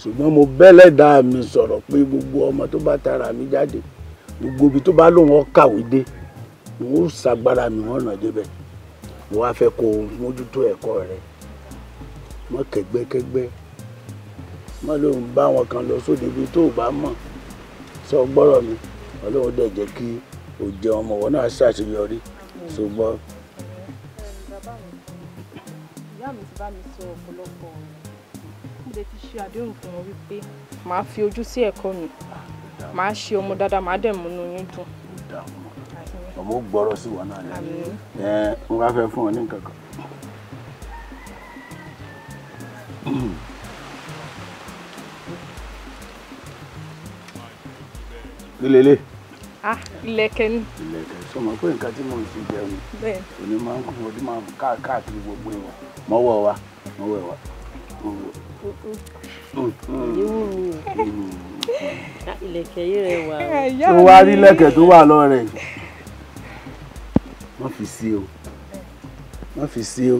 [SPEAKER 1] ṣùgbọ́n mo bẹ́lẹ́dàá mi sọ̀rọ̀ pé gbogbo ọmọ tó bá tara mi jáde gbogbo ibi tó bá lóun ọ kàwé dé n ó ṣàgbára mi hàn náà débẹ̀ mo wá fẹ́ kó o mójútó ẹ̀kọ́ rẹ̀ mọ́ kẹgbẹ́kẹgbẹ́ mọ́ ló ń bá wọn kan lọ sóde ibi tó o bá mọ̀ sọ gbọ́rọ̀ mi ọlọ́run dẹ̀ jẹ́ kí o jẹ ọmọ wọn náà ṣàṣeyọrí ṣùgbọ́n.
[SPEAKER 3] ìyá mi ti bá mi sọ ọ̀pọ̀lọpọ̀ mo lè ti ṣe àdéhùn fún wọn wípé màá fi ojú sí ẹ̀kọ́ mi màá ṣe ọmọ dáadáa màá dẹ̀ múnú yín dùn.
[SPEAKER 1] ọmọ gbọ́rọ̀ sí wọn náà lẹ́yìn ẹ n wá fẹ́ fún ọ ní nǹkan kan. lélele.
[SPEAKER 6] ah ilẹ̀kẹ̀ ni.
[SPEAKER 1] ilẹ̀kẹ̀ sọmọ pé nǹkan tí mò ń ṣe jẹun ni. bẹ́ẹ̀ òní máa ń kún ọdún máa ń
[SPEAKER 3] káàkiri gbogbo ìwà
[SPEAKER 1] mọ́wọ́ wa mọ́wọ́ wa.
[SPEAKER 3] ilẹ̀kẹ̀ yìí rẹ wà. tó wá rí ilẹ̀kẹ̀
[SPEAKER 1] tó wà lọ rẹ̀ wọ́n fi sí o wọ́n fi sí o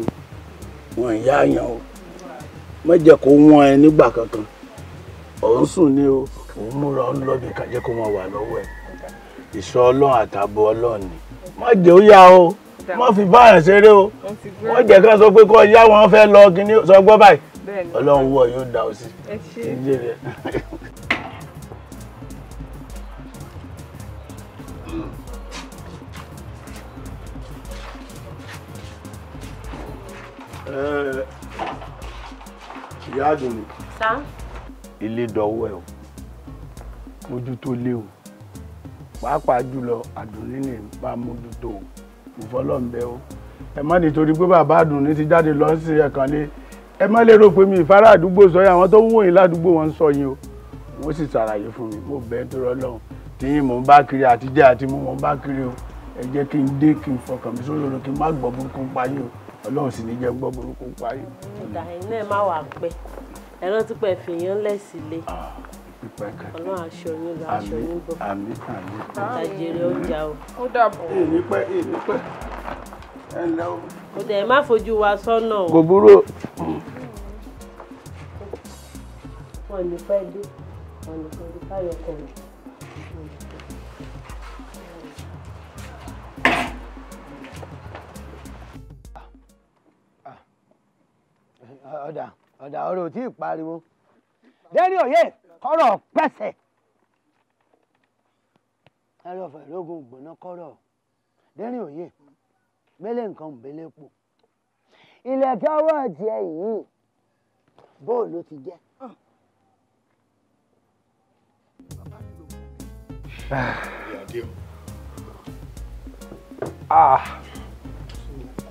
[SPEAKER 1] wọ́n ń yáàyàn o má jẹ́ kó wọ́n ẹ nígbà kankan òun sùn ní o òun múra òun lọ́bì kan jẹ́ kó wọ́n wà lọ́wọ́ ẹ̀ ìṣọ́ ọlọ́run àtàbọ̀ ọlọ́run ni má jẹ́ ó yá o má fi báyà ṣeré o wọ́n jẹ́ ká sọ pé kó yá wọn fẹ́ lọ kíní sọ gbọ́ báyìí ọlọ́run wọ̀ yóò dá ọ sí i. Uh... Eh, ìyá àdùnní. sá. ilé dọwọ́ ẹ̀ o mójútó lé o pàápàá jùlọ àdùnní ni bá mójútó o ìfọlọ́ǹbẹ o ẹ má nítorí pé bàbá àdùnní ti jáde lọ sí ẹ̀kan lé ẹ má lè rò pé mi ìfárá àdúgbò sọ yìí àwọn tó ń wòyìn ládùúgbò wọn ń sọ yìí o wọ́n sì ṣàlàyé fún mi mo bẹ́ẹ̀ tó rọ́lọ́hún tí yín mò ń bá kiri àtijẹ́ àti mò ń bá kiri o ẹ jẹ́ kí n dé kí n fọkàn mi sórí ọ̀rọ̀ kí n má gbọ́ burúkú pa o ọlọ́run sì ní jẹ́ gbọ́ burúkú páyé.
[SPEAKER 3] ọ̀dà iná ẹ̀ má wàá pẹ́ ẹ rántí pé fìyàn lẹ́sìn lé ọlọ́run aṣọ yín lọ aṣọ
[SPEAKER 1] yín bọ̀ àtàjèrè ọjà
[SPEAKER 3] o. ó dàbọ̀. èmi
[SPEAKER 1] pẹ́ èmi pẹ́ ẹ lẹ́ o.
[SPEAKER 3] kò dẹ̀ má fojú wa sọ́nà o. kò búrò. wọn ò ní pẹ́ dé wọn ò ní pẹ́ dé káyọ̀ kọ̀
[SPEAKER 4] ọ̀dà ọ̀dà ọ̀rọ̀ tí ì pariwo dẹ́rì òye kọ́rọ̀ pẹ́sẹ̀ ẹ̀rọ fẹ̀rógùn gbóná kọ́rọ̀ dẹ́rì òye bẹ́lẹ̀ nǹkan bẹ́lẹ̀ pò ilẹ̀ tọ́wọ́ jẹ yìí bóòlù ti jẹ́.
[SPEAKER 1] Ah, ah.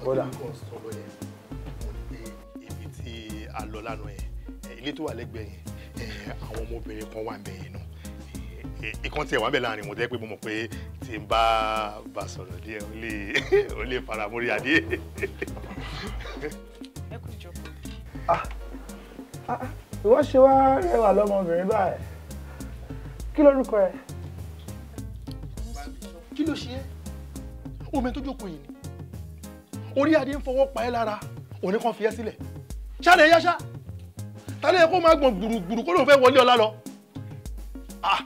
[SPEAKER 1] bọ́dà a lọ lánàá yẹn ilé tó wà lẹ́gbẹ̀ẹ́ yẹn àwọn ọmọbìnrin kan wà bẹ́ẹ̀ yẹn náà ìkan tiẹ̀ wà bẹ́ẹ̀ láàrin wọn tẹ́ pé mo mọ̀ pé tí n bá bá sọ̀rọ̀ díẹ̀ ó lè ó lè fara mórí adé. ẹ kú ìjọba. Ah, ah, ah, ìwọ ṣe wá rẹwà lọmọbìnrin báyìí kí lorúkọ ẹ. kí ló ṣe é omi tó jókòó yìí ni orí adé ń fọwọ́ pa ẹ́ lára òní kan fi ẹ́ sílẹ̀ ṣáàlẹ̀ yáṣá tálẹ̀ yẹ kó máa gbọ̀n gbùrùgbùrù kó lóun fẹ́ wọlé ọlá lọ.
[SPEAKER 3] Ah.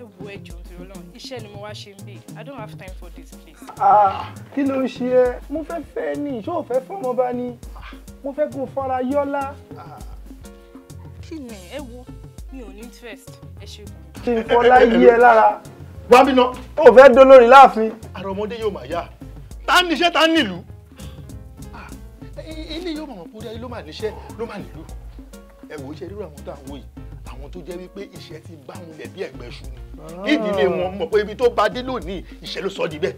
[SPEAKER 3] ẹ wo ẹjọ nítorí Ọlọ́run iṣẹ́ ni mo wá ṣe ń bè I don't have time for this place. Ah,
[SPEAKER 1] kí ló ń ṣe ẹ mo fẹ́ fẹ́ ní ìṣó òfẹ́ fọmọ bá ní ah. mo fẹ́ kó fara yọ́lá.
[SPEAKER 3] kí ni ẹ wo mi ò ní interest ẹ ṣe kù.
[SPEAKER 1] kí n fọlá yí ẹ lára. wá o fẹ́ dolórin láàfin. àrọ̀mọdé yóò máa yá ta ni iṣẹ́ ta nílùú ilé yóò mọ̀ kúrẹ́ ló máa níṣẹ́ ló máa nílò ẹ wò ó ṣe rírọ̀ àwọn tó àwọn yìí àwọn tó jẹ́ wípé iṣẹ́ ti bá wọn lẹ̀ bí ẹ̀gbẹ́ ṣu ni ah. ìdílé wọn mọ̀ pé ibi tó bá dé lónìí ìṣẹ́ ló sọ di ẹ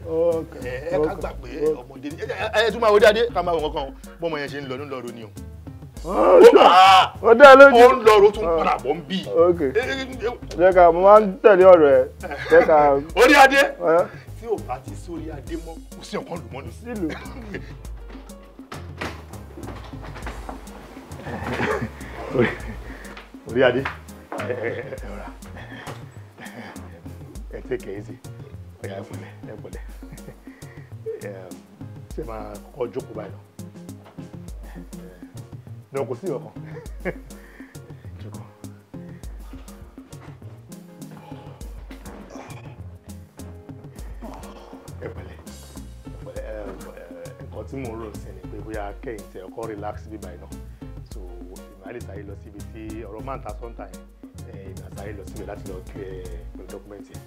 [SPEAKER 1] ká gbà pé ọmọdé ẹ tún máa wo dáadé ká máa wọ kankan bọ́mọ yẹn ṣe ń lọ ní lọ́rọ̀ ni o ah, ó dá lójú ó ń lọ ro ah, padà bọ̀ ń bì. jẹ́ ká mo máa ń tẹ̀lé ọ̀rọ̀ ẹ̀ jẹ́ ká. orí adé eh? tí ò bá ti sórí adé mọ́ kò sí ọ̀kan lùmọ́nù. orí adé ẹ̀rọ ẹ tẹ kẹ́hìnsì ọ̀yà ẹ pẹ̀lẹ́ ẹ pẹ̀lẹ́ ṣe máa kọ́kọ́ jókòó báyìí lọ náà kò sí ọkàn jókòó. ẹ pẹ̀lẹ́ nǹkan tí mo rò sí ni pé bóyá kẹ́hìnsì ọkọ relax bí báyìí náà lè sáré lọ síbi tí ọ̀rọ̀ máa ń ta sọ́ńtà yẹn ìgbà sáré lọ síbẹ̀ láti lọ kí ẹ pẹ̀lú dọ́kúmẹ́ǹtì ẹ̀.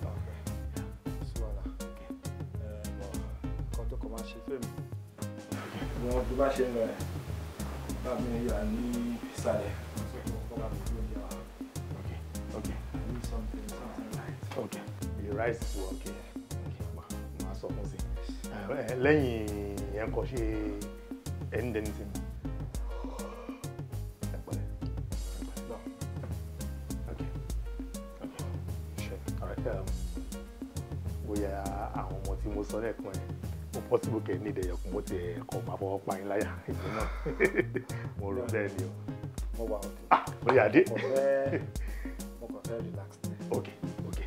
[SPEAKER 1] nǹkan tó kọ máa ṣe fẹ́mi. wọn bí bá ṣe ń lọ ẹ bá mi yà ní ìsàlẹ̀ ọ̀gá mi okay máa sọ fún sí lẹ́yìn yẹn kò ṣe anything. bóyá àwọn ọmọ tí mo sọ lẹ́ẹ̀kan ẹ̀ mo possible kẹ́ ní ìdẹ̀yẹ̀kùn mo ti ẹ̀kọ́ máa fọwọ́ pa yín láyà ìlú náà mo rò bẹ́ẹ̀ ni o. mo wà òkè. ah mo yà dé. mo fẹ́ mo kàn fẹ́ relax. ok ok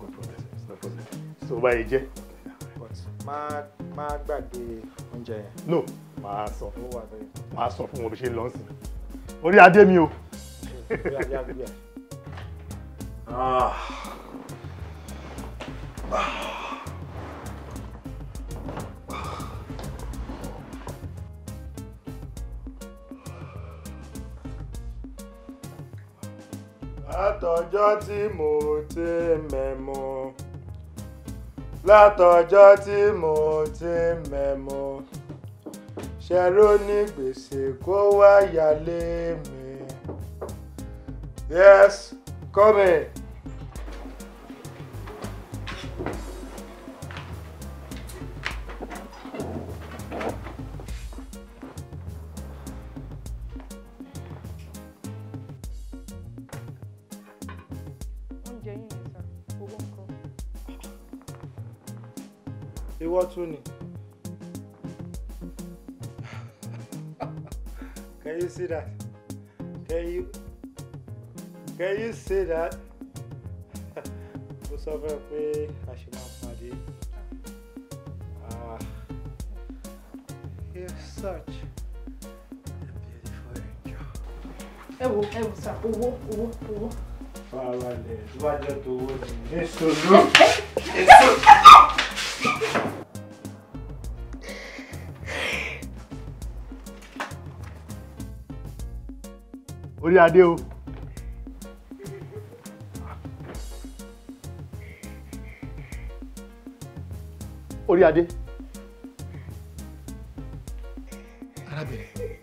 [SPEAKER 1] no problem no problem so báyìí jẹ́. máa máa gbàgbé oúnjẹ yẹn. no máa sọ fún máa sọ fún wọn bí ṣe ń lọ sí orí adé mi o. ah. látọjọ́ tí mo ti mẹ̀mọ́ látọjọ́ tí mo ti mẹ̀mọ́ ṣẹ̀rọ ní gbèsè kó wá yálé mi yes come in. that what's up? fún ẹ pé a ṣe máa
[SPEAKER 5] pàdé ah you're such a beautiful angel. ẹ wo ẹ wo sá owó
[SPEAKER 1] owó owó. farabalẹ̀ tó bá jẹ́ orí adé. arábìnrin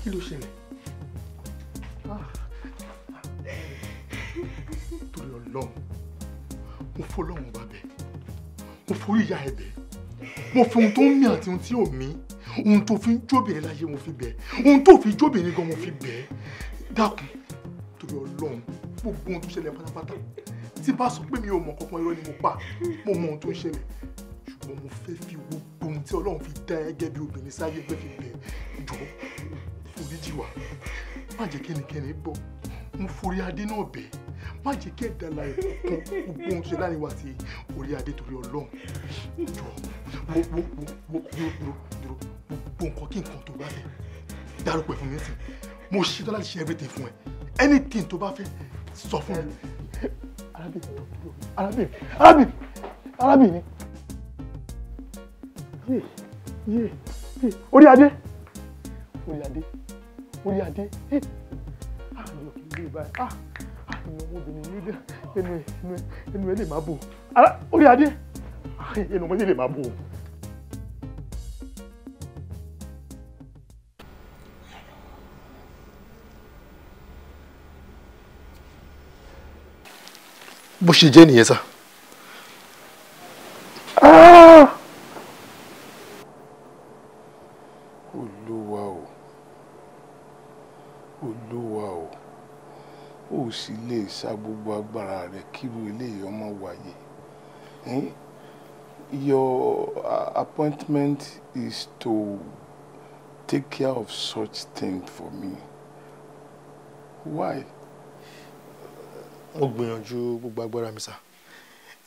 [SPEAKER 1] kí ló ṣẹlẹ̀ torí ọlọ́run mo fọlọ́run ọba bẹ̀ mo forí ìyá ẹ bẹ̀ mo fi ohun tó ń mì àti ohun tí ò mí ohun tó fi ń jóbìnrin láyé mo fi bẹ̀ ohun tó fi jóbìnrin gan mo fi bẹ̀ dákun torí ọlọ́run gbogbo ohun tó ṣẹlẹ̀ pátápátá tí bá sọ pé mi ò mọ̀ kankan irọ́ ni mo pa mo mọ ohun tó ń ṣẹlẹ̀ ṣùgbọ́n mo fẹ́ fi wo ohun tí ọlọ́run fi dá ẹ bí obìnrin sáyé pé fi bẹ̀ jọ foríjì wá má jẹ́ kẹ́nikẹ́ni bọ̀ mo forí adé náà bẹ̀ má jẹ́ kí ẹ̀dá la ẹ̀kún gbogbo ohun tó ṣe láàrin wa sí orí adé torí ọlọ́run jọ wo wo wo dúró dúró dúró gbogbo nǹkan kí nǹkan tó bá fẹ́ dárúkọ ẹ̀ mi sí mo ṣe tán láti ṣe everything fún ẹ anything tó bá fẹ́ sọ fún mi arábìnrin arábìnrin arábìnrin orí adé orí adé orí adé àmì ah, òkè ilé ìbáyìí e àmì ah, ah, ọmọbìnrin yìí dé ẹnu ẹ ẹnu ẹ lè má bò orí adé ẹnu ọmọdé lè má bò. bó ṣe jẹ́ nìyẹn sá. gbogbo agbára rẹ kíru eléyìí ọmọ wáyé hmm? your uh, appointment is to take care of such thing for me why. mo gbìyànjú gbogbo agbára mi sá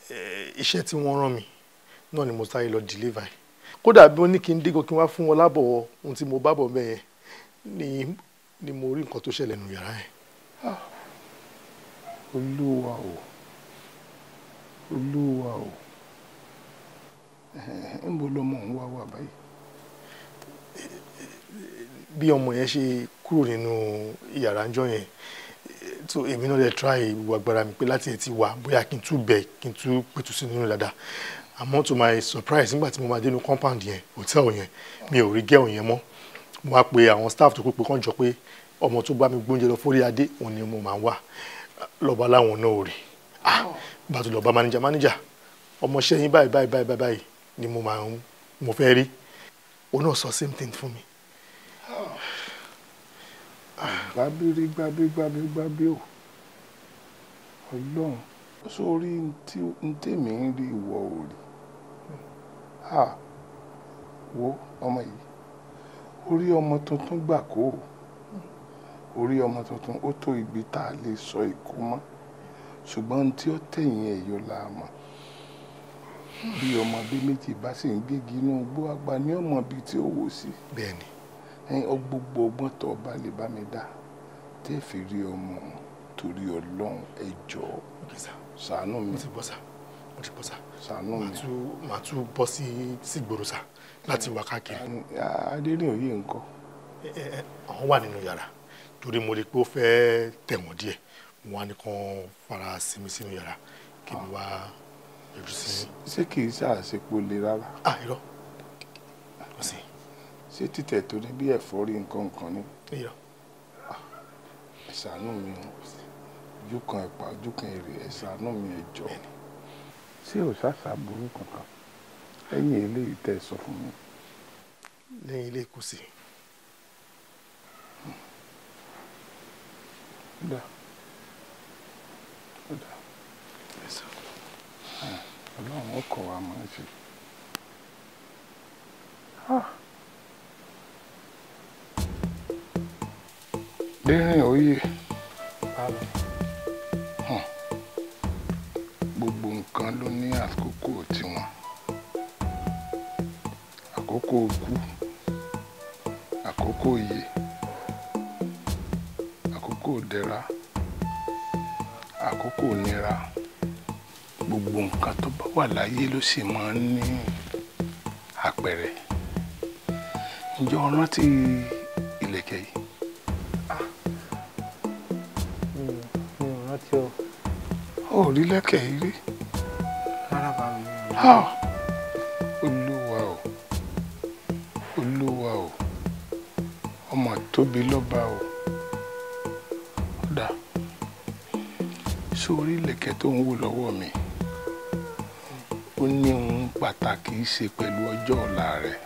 [SPEAKER 1] eh, iṣẹ́ tí wọ́n rán mi náà ni mo sáré lọ deliver kódà bí wọ́n ní kí n dígò kí n fún wọn lábọ̀ ohun tí mo bá bọ̀ bẹ́ẹ̀ ni mo rí nǹkan tó ṣẹlẹ̀ nù yàrá
[SPEAKER 6] yẹn
[SPEAKER 1] olúwa o olúwa o ń bo lọmọ òun wá wà báyìí. bí ọmọ yẹn ṣe kúrò nínú yàrá ńjọ́ yẹn so èmi náà lè try gbogbo agbára mi pé láti ẹ̀ ti wà bóyá kí n tún bẹ̀ kí n tún pètù sí nínú dáadáa àmọ́ to my surprise nígbà tí mo máa dé inú compound yẹn hotel yẹn mi ò rí girl yẹn mọ́ mo wá pe àwọn staff tó kú pé kàn jọ pé ọmọ tó bá mi gbóúnjẹ lọ fórí adé òun ni mo máa ń wà lọ́ba láwọn náà ò rí bàtú lọ́ba máníjà máníjà ọmọọṣẹ́ yín báyìí báyìí báyìí báyìí ni mo máa ń mo fẹ́ rí òun náà sọ same thing fún mi. Ah, gbábírí gbábí gbábí gbábí o ọlọ́run sórí ntẹ̀mí ń rí ìwọ òrì ah, wo ọmọ yìí orí ọmọ tuntun gbà kó o orí ọmọ tuntun ó tó ìgbé tá a lè sọ ìkó mọ́ ṣùgbọ́n tí ó tẹ̀yìn ẹ̀ yọ la mọ̀ bí ọmọ bí méjì bá sì ń gbégi inú igbó àgbà ní ọmọ bí tí ó wò sí. bẹ́ẹ̀ni. gbogbo ọgbọ́n tó ọba lè bá mi dá tẹ́ fi rí ọmọ torí ọlọ́run ẹ jọ̀ọ́ mi. mo ti bọ́ sá mo ti bọ́ sá. ṣàánú mi. màá tún bọ́ sí sígboro sá láti wá káàkiri. adérìn òye nǹkan. àwọn wà nínú yàrá torí mo rí i pé ó fẹ́ tẹ̀wọ̀n díẹ̀ mo wá ní kàn fara sinmi sínú yàrá kí mi wá yọjú sí. ṣé kì í ṣàṣepọ̀ le rárá. à ah, irọ́ kò sí. ṣé títẹ̀ tó ní bí ẹ̀fọ́rí nǹkan nǹkan ni. irọ́. Ah, ẹ̀sánú mi ojú kan ẹ̀pà ojú èrè ẹ̀sánú mi ẹ̀jọ̀. ṣé o ṣàṣà burú kankan lẹ́yìn eléyìí tẹ̀ sọ fún mi. lẹ́yìn eléyìí kò sí.
[SPEAKER 6] Да. Да. Yes, Ọlọ́run ó
[SPEAKER 1] kọ̀ wá mọ́ sí. Dérìn òye. Gbogbo ní tiwọn. iye. àkókò dẹ̀ra àkókò nira gbogbo nǹkan tó bá wà láyé ló sì máa ń ní àpẹẹrẹ ǹjọ́ rántí ìlẹ̀kẹ̀ yìí. Ah, mi ò rántí o. ó rí lẹ́kẹ̀ rí. rárá bàbá mi ah, olúwa o olúwa o ọmọ tóbi lọ́ba o. tori ìlẹ̀kẹ̀ tó ń wò lọ́wọ́ mi ó ní ohun pàtàkì ṣe pẹ̀lú ọjọ́ ọ̀la rẹ̀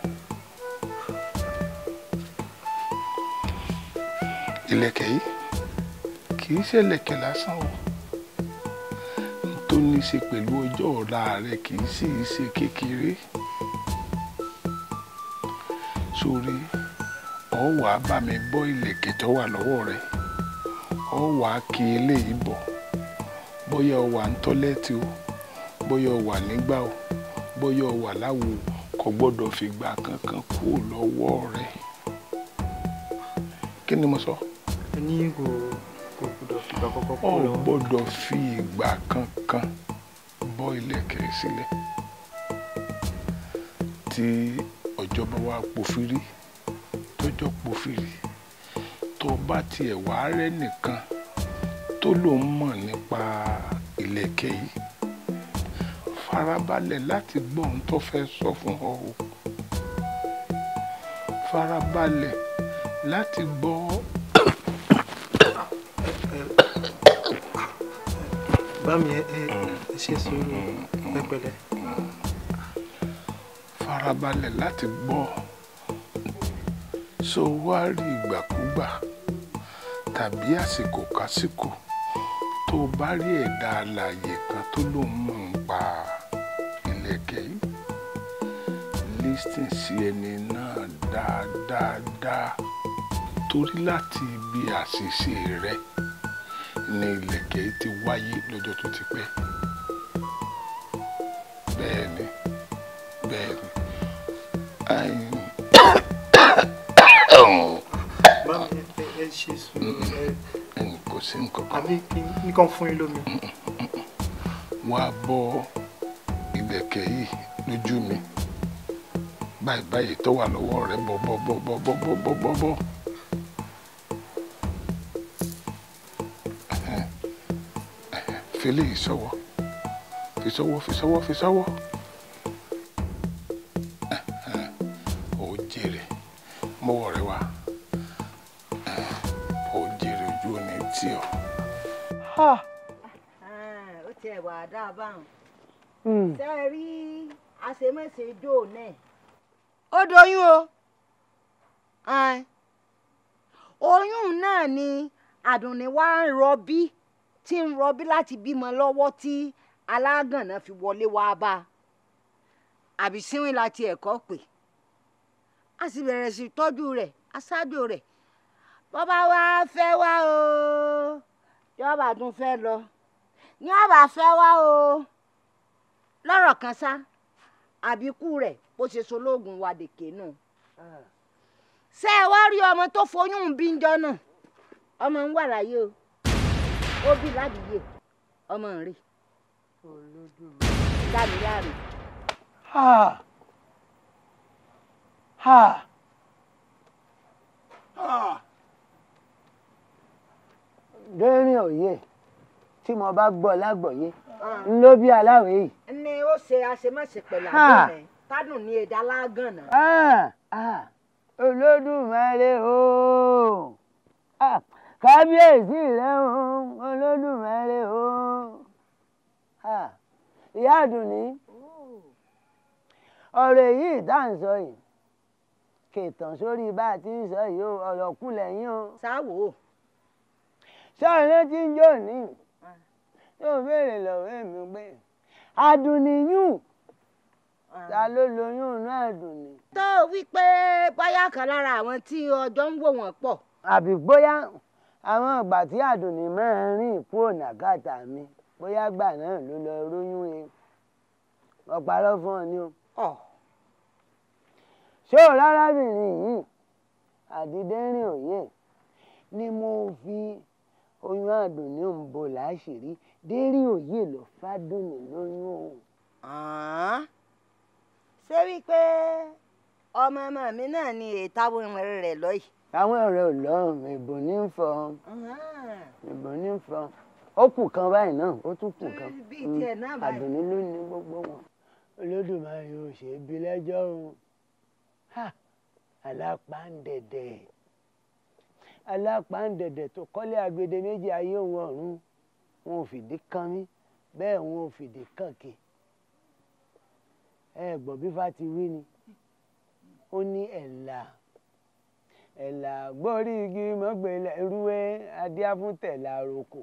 [SPEAKER 1] yìí kì í ṣe ìlẹ̀kẹ̀ lásán o tó ní ṣe pẹ̀lú ọjọ́ ọ̀la rẹ̀ kì í sì í ṣe kékeré sórí ọ bá mi bọ́ ìlẹ̀kẹ̀ tó wà lọ́wọ́ rẹ̀ ọ kí eléyìí bóyá o wà ní tọ́lẹ́ẹ̀tì o bóyá o wà nígbà o bóyá o wà láwo kò gbọ́dọ̀ fìgbà kankan kúrò lọ́wọ́ rẹ kí ni mo sọ. ẹni kò kò gbọ́dọ̀ fìgbà kankan kúrò lọ́wọ́. o gbọ́dọ̀ fi ìgbà kankan bọ́ ilẹ̀kẹ̀ sílẹ̀ tí ọjọ́ bá wá pòfìrí tọ́jọ́ pòfìrí tó bá tiẹ̀ wá rẹ́ nìkan tó lòun mọ̀ nípa ìlẹ̀kẹ̀ yìí farabalẹ̀ láti gbọ́ ohun tó fẹ́ sọ fún ọ o farabalẹ̀ láti gbọ́ bámi ẹ ṣe sùúrù pẹpẹlẹ. farabalẹ̀ láti gbọ́ so wá rí ìgbàkúgbà tàbí àsìkò kásìkò tó o bá rí ẹ̀dá alàyè kan tó lóun mọ̀ ń pa ìlẹ̀kẹ̀ lísìn sí ẹni náà dáadáa torí láti ibi àṣìṣe rẹ ni ìlẹ̀kẹ̀ ti wáyé lọ́jọ́ tó ti pẹ́. kan fún yín lómi. wọn á bọ ìlẹ̀kẹ̀ yìí lójú mi báyìí báyìí tó wà lọ́wọ́ rẹ̀ bọ́bọ́bọ́bọ́bọ́bọ́bọ́. fi lè sọ́wọ́ fi sọ́wọ́ fi sọ́wọ́ fi sọ́wọ́.
[SPEAKER 5] ẹ̀ wà dábàá hmm. ṣe é rí àṣeméṣe dò náà. ó doyún o oyún náà ni àdùnní wa ń rọbí tí ń rọbí láti bímọ lọ́wọ́ tí alágànná fi wọlé wá bá a àbí síwìn láti ẹ̀kọ́ pè a sì bẹ̀rẹ̀ sí tọ́jú rẹ̀ aṣáájú rẹ̀ bọ́bá wa fẹ́ wá o yọba tún fẹ́ lọ ní àbá fẹ́ wá o lọ́rọ̀ kan sá àbíkú rẹ̀ bó ṣe sológun wa dèké nù. ṣé ẹ wá rí ọmọ tó foyún bí ń jọ ọmọ ń wà láyé o ó bí ládìyẹ ọmọ ń rí dáàbí láàrin.
[SPEAKER 4] ha ha ha. dẹ́rìn òye. yeah tí mo bá gbọ́ lágbọ̀yé ah. ló bí aláwẹ̀ yìí.
[SPEAKER 5] ni ó ṣe àṣemáṣe pẹ̀lú ah. àgbọ̀n rẹ̀ tádùn ní èdè alágànnà. Ah, olódùmarè
[SPEAKER 4] ooo kábíyèsí rẹ ooo olódùmarè ooo ìyá àdùnní oh. ọ̀rọ̀ èyí ìta ń sọ yìí kètàn sórí bá a ti ń sọ yìí ọ̀rọ̀ kù lẹ́yìn o. sáwò. sọ̀rọ̀ tí ń jò ní yóò béèrè lọ́wọ́ èmi pé àdùnnìyún ah. ta ló lóyún inú àdùnnì. tó wí pé bóyá kan lára àwọn tí ọjọ́ ń wò wọ́n pọ̀. àbí bóyá àwọn ìgbà tí àdùnnì máa ń rìn kú ọ̀nà kàtà mi bóyá gbà náà ló lọ róyún e mo fún ọ ni o. ṣé ò rárábìnrin yìí àdídẹ́rìn òye ni mo fi oyún àdùnnì ń
[SPEAKER 5] bò láṣìírí dérí òye lọ fádùnmí lóyún o. ṣé wípé ọmọ ọmọ mi náà ni ètàwọn ọ̀rẹ́ rẹ̀ lọ yìí.
[SPEAKER 4] àwọn ọ̀rẹ́ ò lọ ìbò ní ń fọ ìbò ní ń fọ ó kù kan báyìí náà ó tún kù kan mm, àdùnní ló ní gbogbo wọn. olódùmarè ò ṣe é bí lẹ́jọ́ o alápàǹdẹ̀dẹ̀ alápàǹdẹ̀dẹ̀ tó kọ́lé agbede méjì ayé òun ọ̀run wọn ò fìdí kan mí bẹ́ẹ̀ wọn ò fìdí kan kè ẹ gbọ́ bí fa ti wí ni ó ní ẹ̀là ẹ̀là gbórí igi mọ́gbẹ́lẹ̀ rúwé adíáfúntẹ̀là roko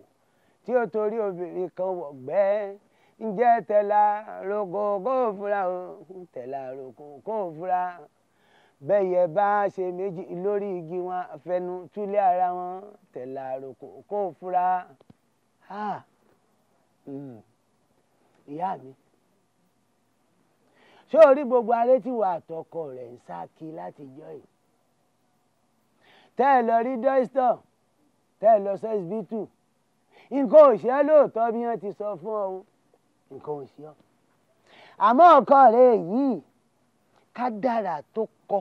[SPEAKER 4] tí ó torí obìnrin kan wọ̀gbẹ́ ǹjẹ́ tẹ̀là roko kó o fura o tẹ̀là roko kó o fura bẹ́yẹ bá ṣe méjì lórí igi wọn fẹnu túlẹ̀ ara wọn tẹ̀là roko kó o fura. Ah, mm, ìyá mi ṣé o rí gbogbo aré tí wàá tọkọ rẹ̀ ń sá kí láti jọ yìí tẹ́ ẹ lọ rí dókítà tẹ́ ẹ lọ sọ́sibítù nǹkan ò ṣe ẹ́ lóòótọ́ bí wọ́n ti sọ fún ọ nǹkan ò ṣe ọ́ àmọ́ ọkọ rẹ̀ yìí kádàrà tó kọ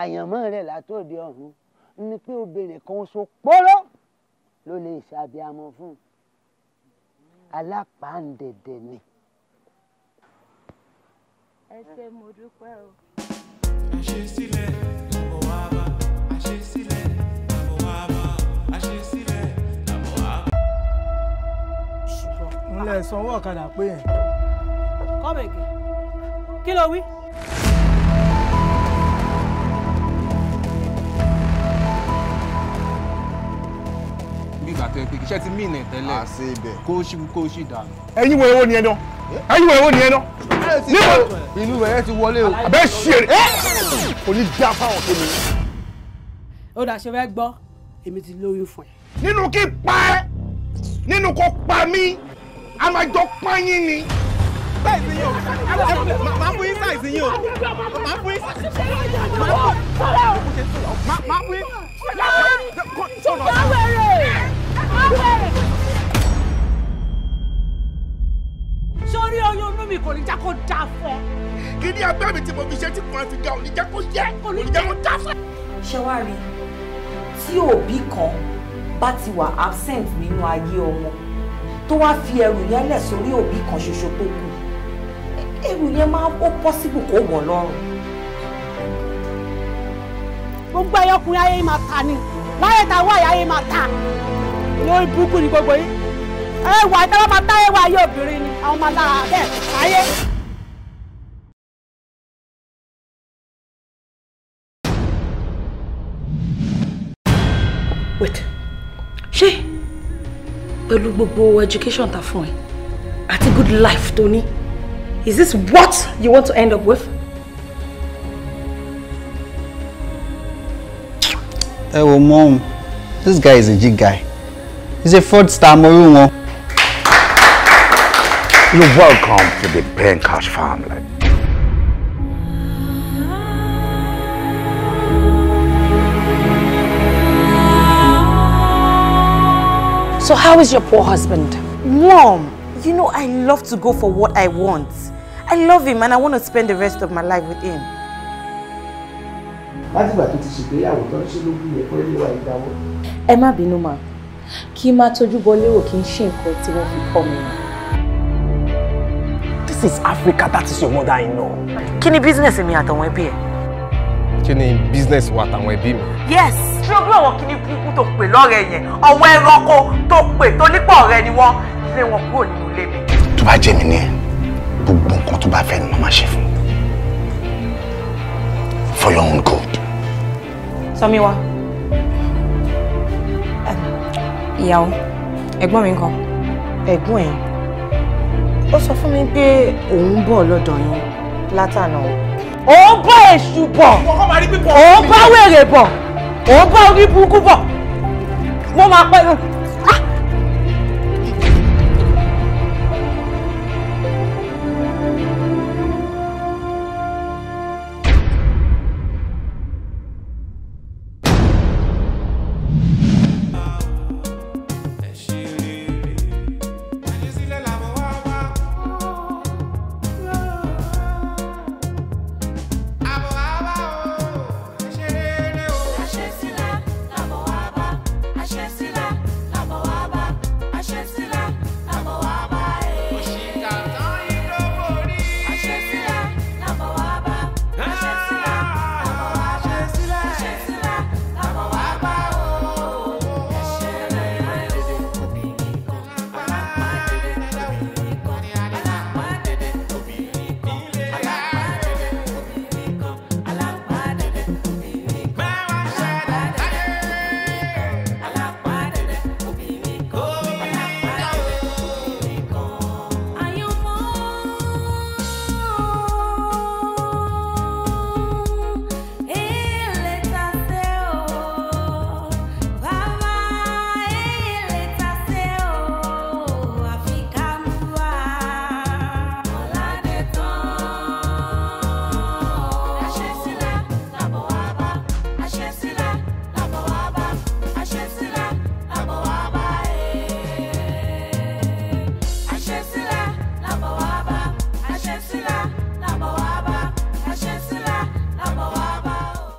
[SPEAKER 4] àyànmọ́ rẹ̀ látòde ọ̀run ni pé obìnrin kan so pọ́rọ́ ló lè ṣàbíamọ fún alápàǹdẹ̀dẹ̀ ni.
[SPEAKER 6] ẹ ṣe mo dúpẹ́ o.
[SPEAKER 2] àṣesílẹ̀ làbọ̀ wá bá àṣesílẹ̀ làbọ̀ wá bá àṣesílẹ̀ làbọ̀ wá bá.
[SPEAKER 8] ńlẹ̀ sanwó ọ̀kadà pé yẹn.
[SPEAKER 3] kí ló wí.
[SPEAKER 1] ìgbà tẹ pé iṣẹ́ ti mìnà tẹ́lẹ̀ kó ṣì kó ṣì dànù. ẹ̀yin wo ewo ni ẹ náà eh? ẹ̀yin wo ewo ni ẹ náà. níbo ìlú rẹ̀ ti wọlé o. àbẹ́ ṣe é eh? kò ní dá fáwọn tó ní.
[SPEAKER 3] ó dà ṣe fẹ́ gbọ́ èmi ti
[SPEAKER 1] lóyún fún ẹ. nínú kí pa ẹ́ nínú kó pa mí a máa jọ pa yín ni bẹ́ẹ̀ sí yín o máa fún yín sáìsì yín o máa fún yín máa fún yín
[SPEAKER 3] máa fún yín. ṣùgbọ́n wẹ̀rẹ̀. lórí oyún inú mi kò ní jẹ́ kó
[SPEAKER 1] dà
[SPEAKER 5] fún ọ. kí ni agbá mi tí mo fi ṣe tí kan fi ga ò ní jẹ́ kó yẹ kò ní jẹ́ kó dà fún. ṣé wàá rí tí òbí kan bá ti wà absent nínú ayé ọmọ tó wá fi ẹrù yẹn lẹ̀ sórí òbí kan ṣoṣo tó kù ẹrù yẹn máa ó possible kó wọ̀ lọ́rùn.
[SPEAKER 3] gbogbo ẹyọkùnrin ayé máa ta ni láyé ta wá ayé máa ta lórí burúkú ni gbogbo
[SPEAKER 6] yìí ẹwà ìtàwọn máa tá ẹwà ayé obìnrin ni àwọn máa lára bẹ́ẹ̀ ayé. wait ṣé
[SPEAKER 3] pẹ̀lú gbogbo education ta fún ẹ àti good life tó ní is this what you want to end up with.
[SPEAKER 7] ẹ wò mọ́ òun this guy is a jig guy he's a fraudster star
[SPEAKER 1] rí wọn. You're welcome to the Pencash family.
[SPEAKER 3] So how is
[SPEAKER 5] your poor husband? Mom, you know I love to go for what I want. I love him and I want to spend the rest of my life with him. Emma binuma. Kima ṣègbéyàwó tán ṣe ló gbìyànjú pé lè wà tójú bọ lérò kí n ṣe
[SPEAKER 1] This is Africa. That is
[SPEAKER 8] your mother in law. Kí ni business mi àtàwọn ẹbí ẹ? Kí ni business wa àtàwọn ẹbí
[SPEAKER 1] mi?
[SPEAKER 3] Yes. Ṣé o bí àwọn kí ni burúkú tó pè lọ́rẹ̀ yẹn? Ọ̀wọ́ ẹranko tó pè tó
[SPEAKER 8] nípa ọ̀rẹ́ ni wọ́n lé wọn kúrò nínú ilé
[SPEAKER 1] mi. Tó bá jẹ́ mi ní ẹ̀, gbogbo nǹkan tó bá fẹ́ ni màmá ṣe fún. For your own good.
[SPEAKER 5] Sọmiwa. Ìyàwó, ẹ̀gbọ́n mi ń kọ́. Ẹ̀gbọ́n ẹ̀ ó sọ fún mi pé òun bọ̀ lọ́dọ̀ yín látànà o òun bá èṣù bọ̀ òun bá wèrè bọ̀
[SPEAKER 3] òun bá orí burúkú bọ̀ mo máa pẹ́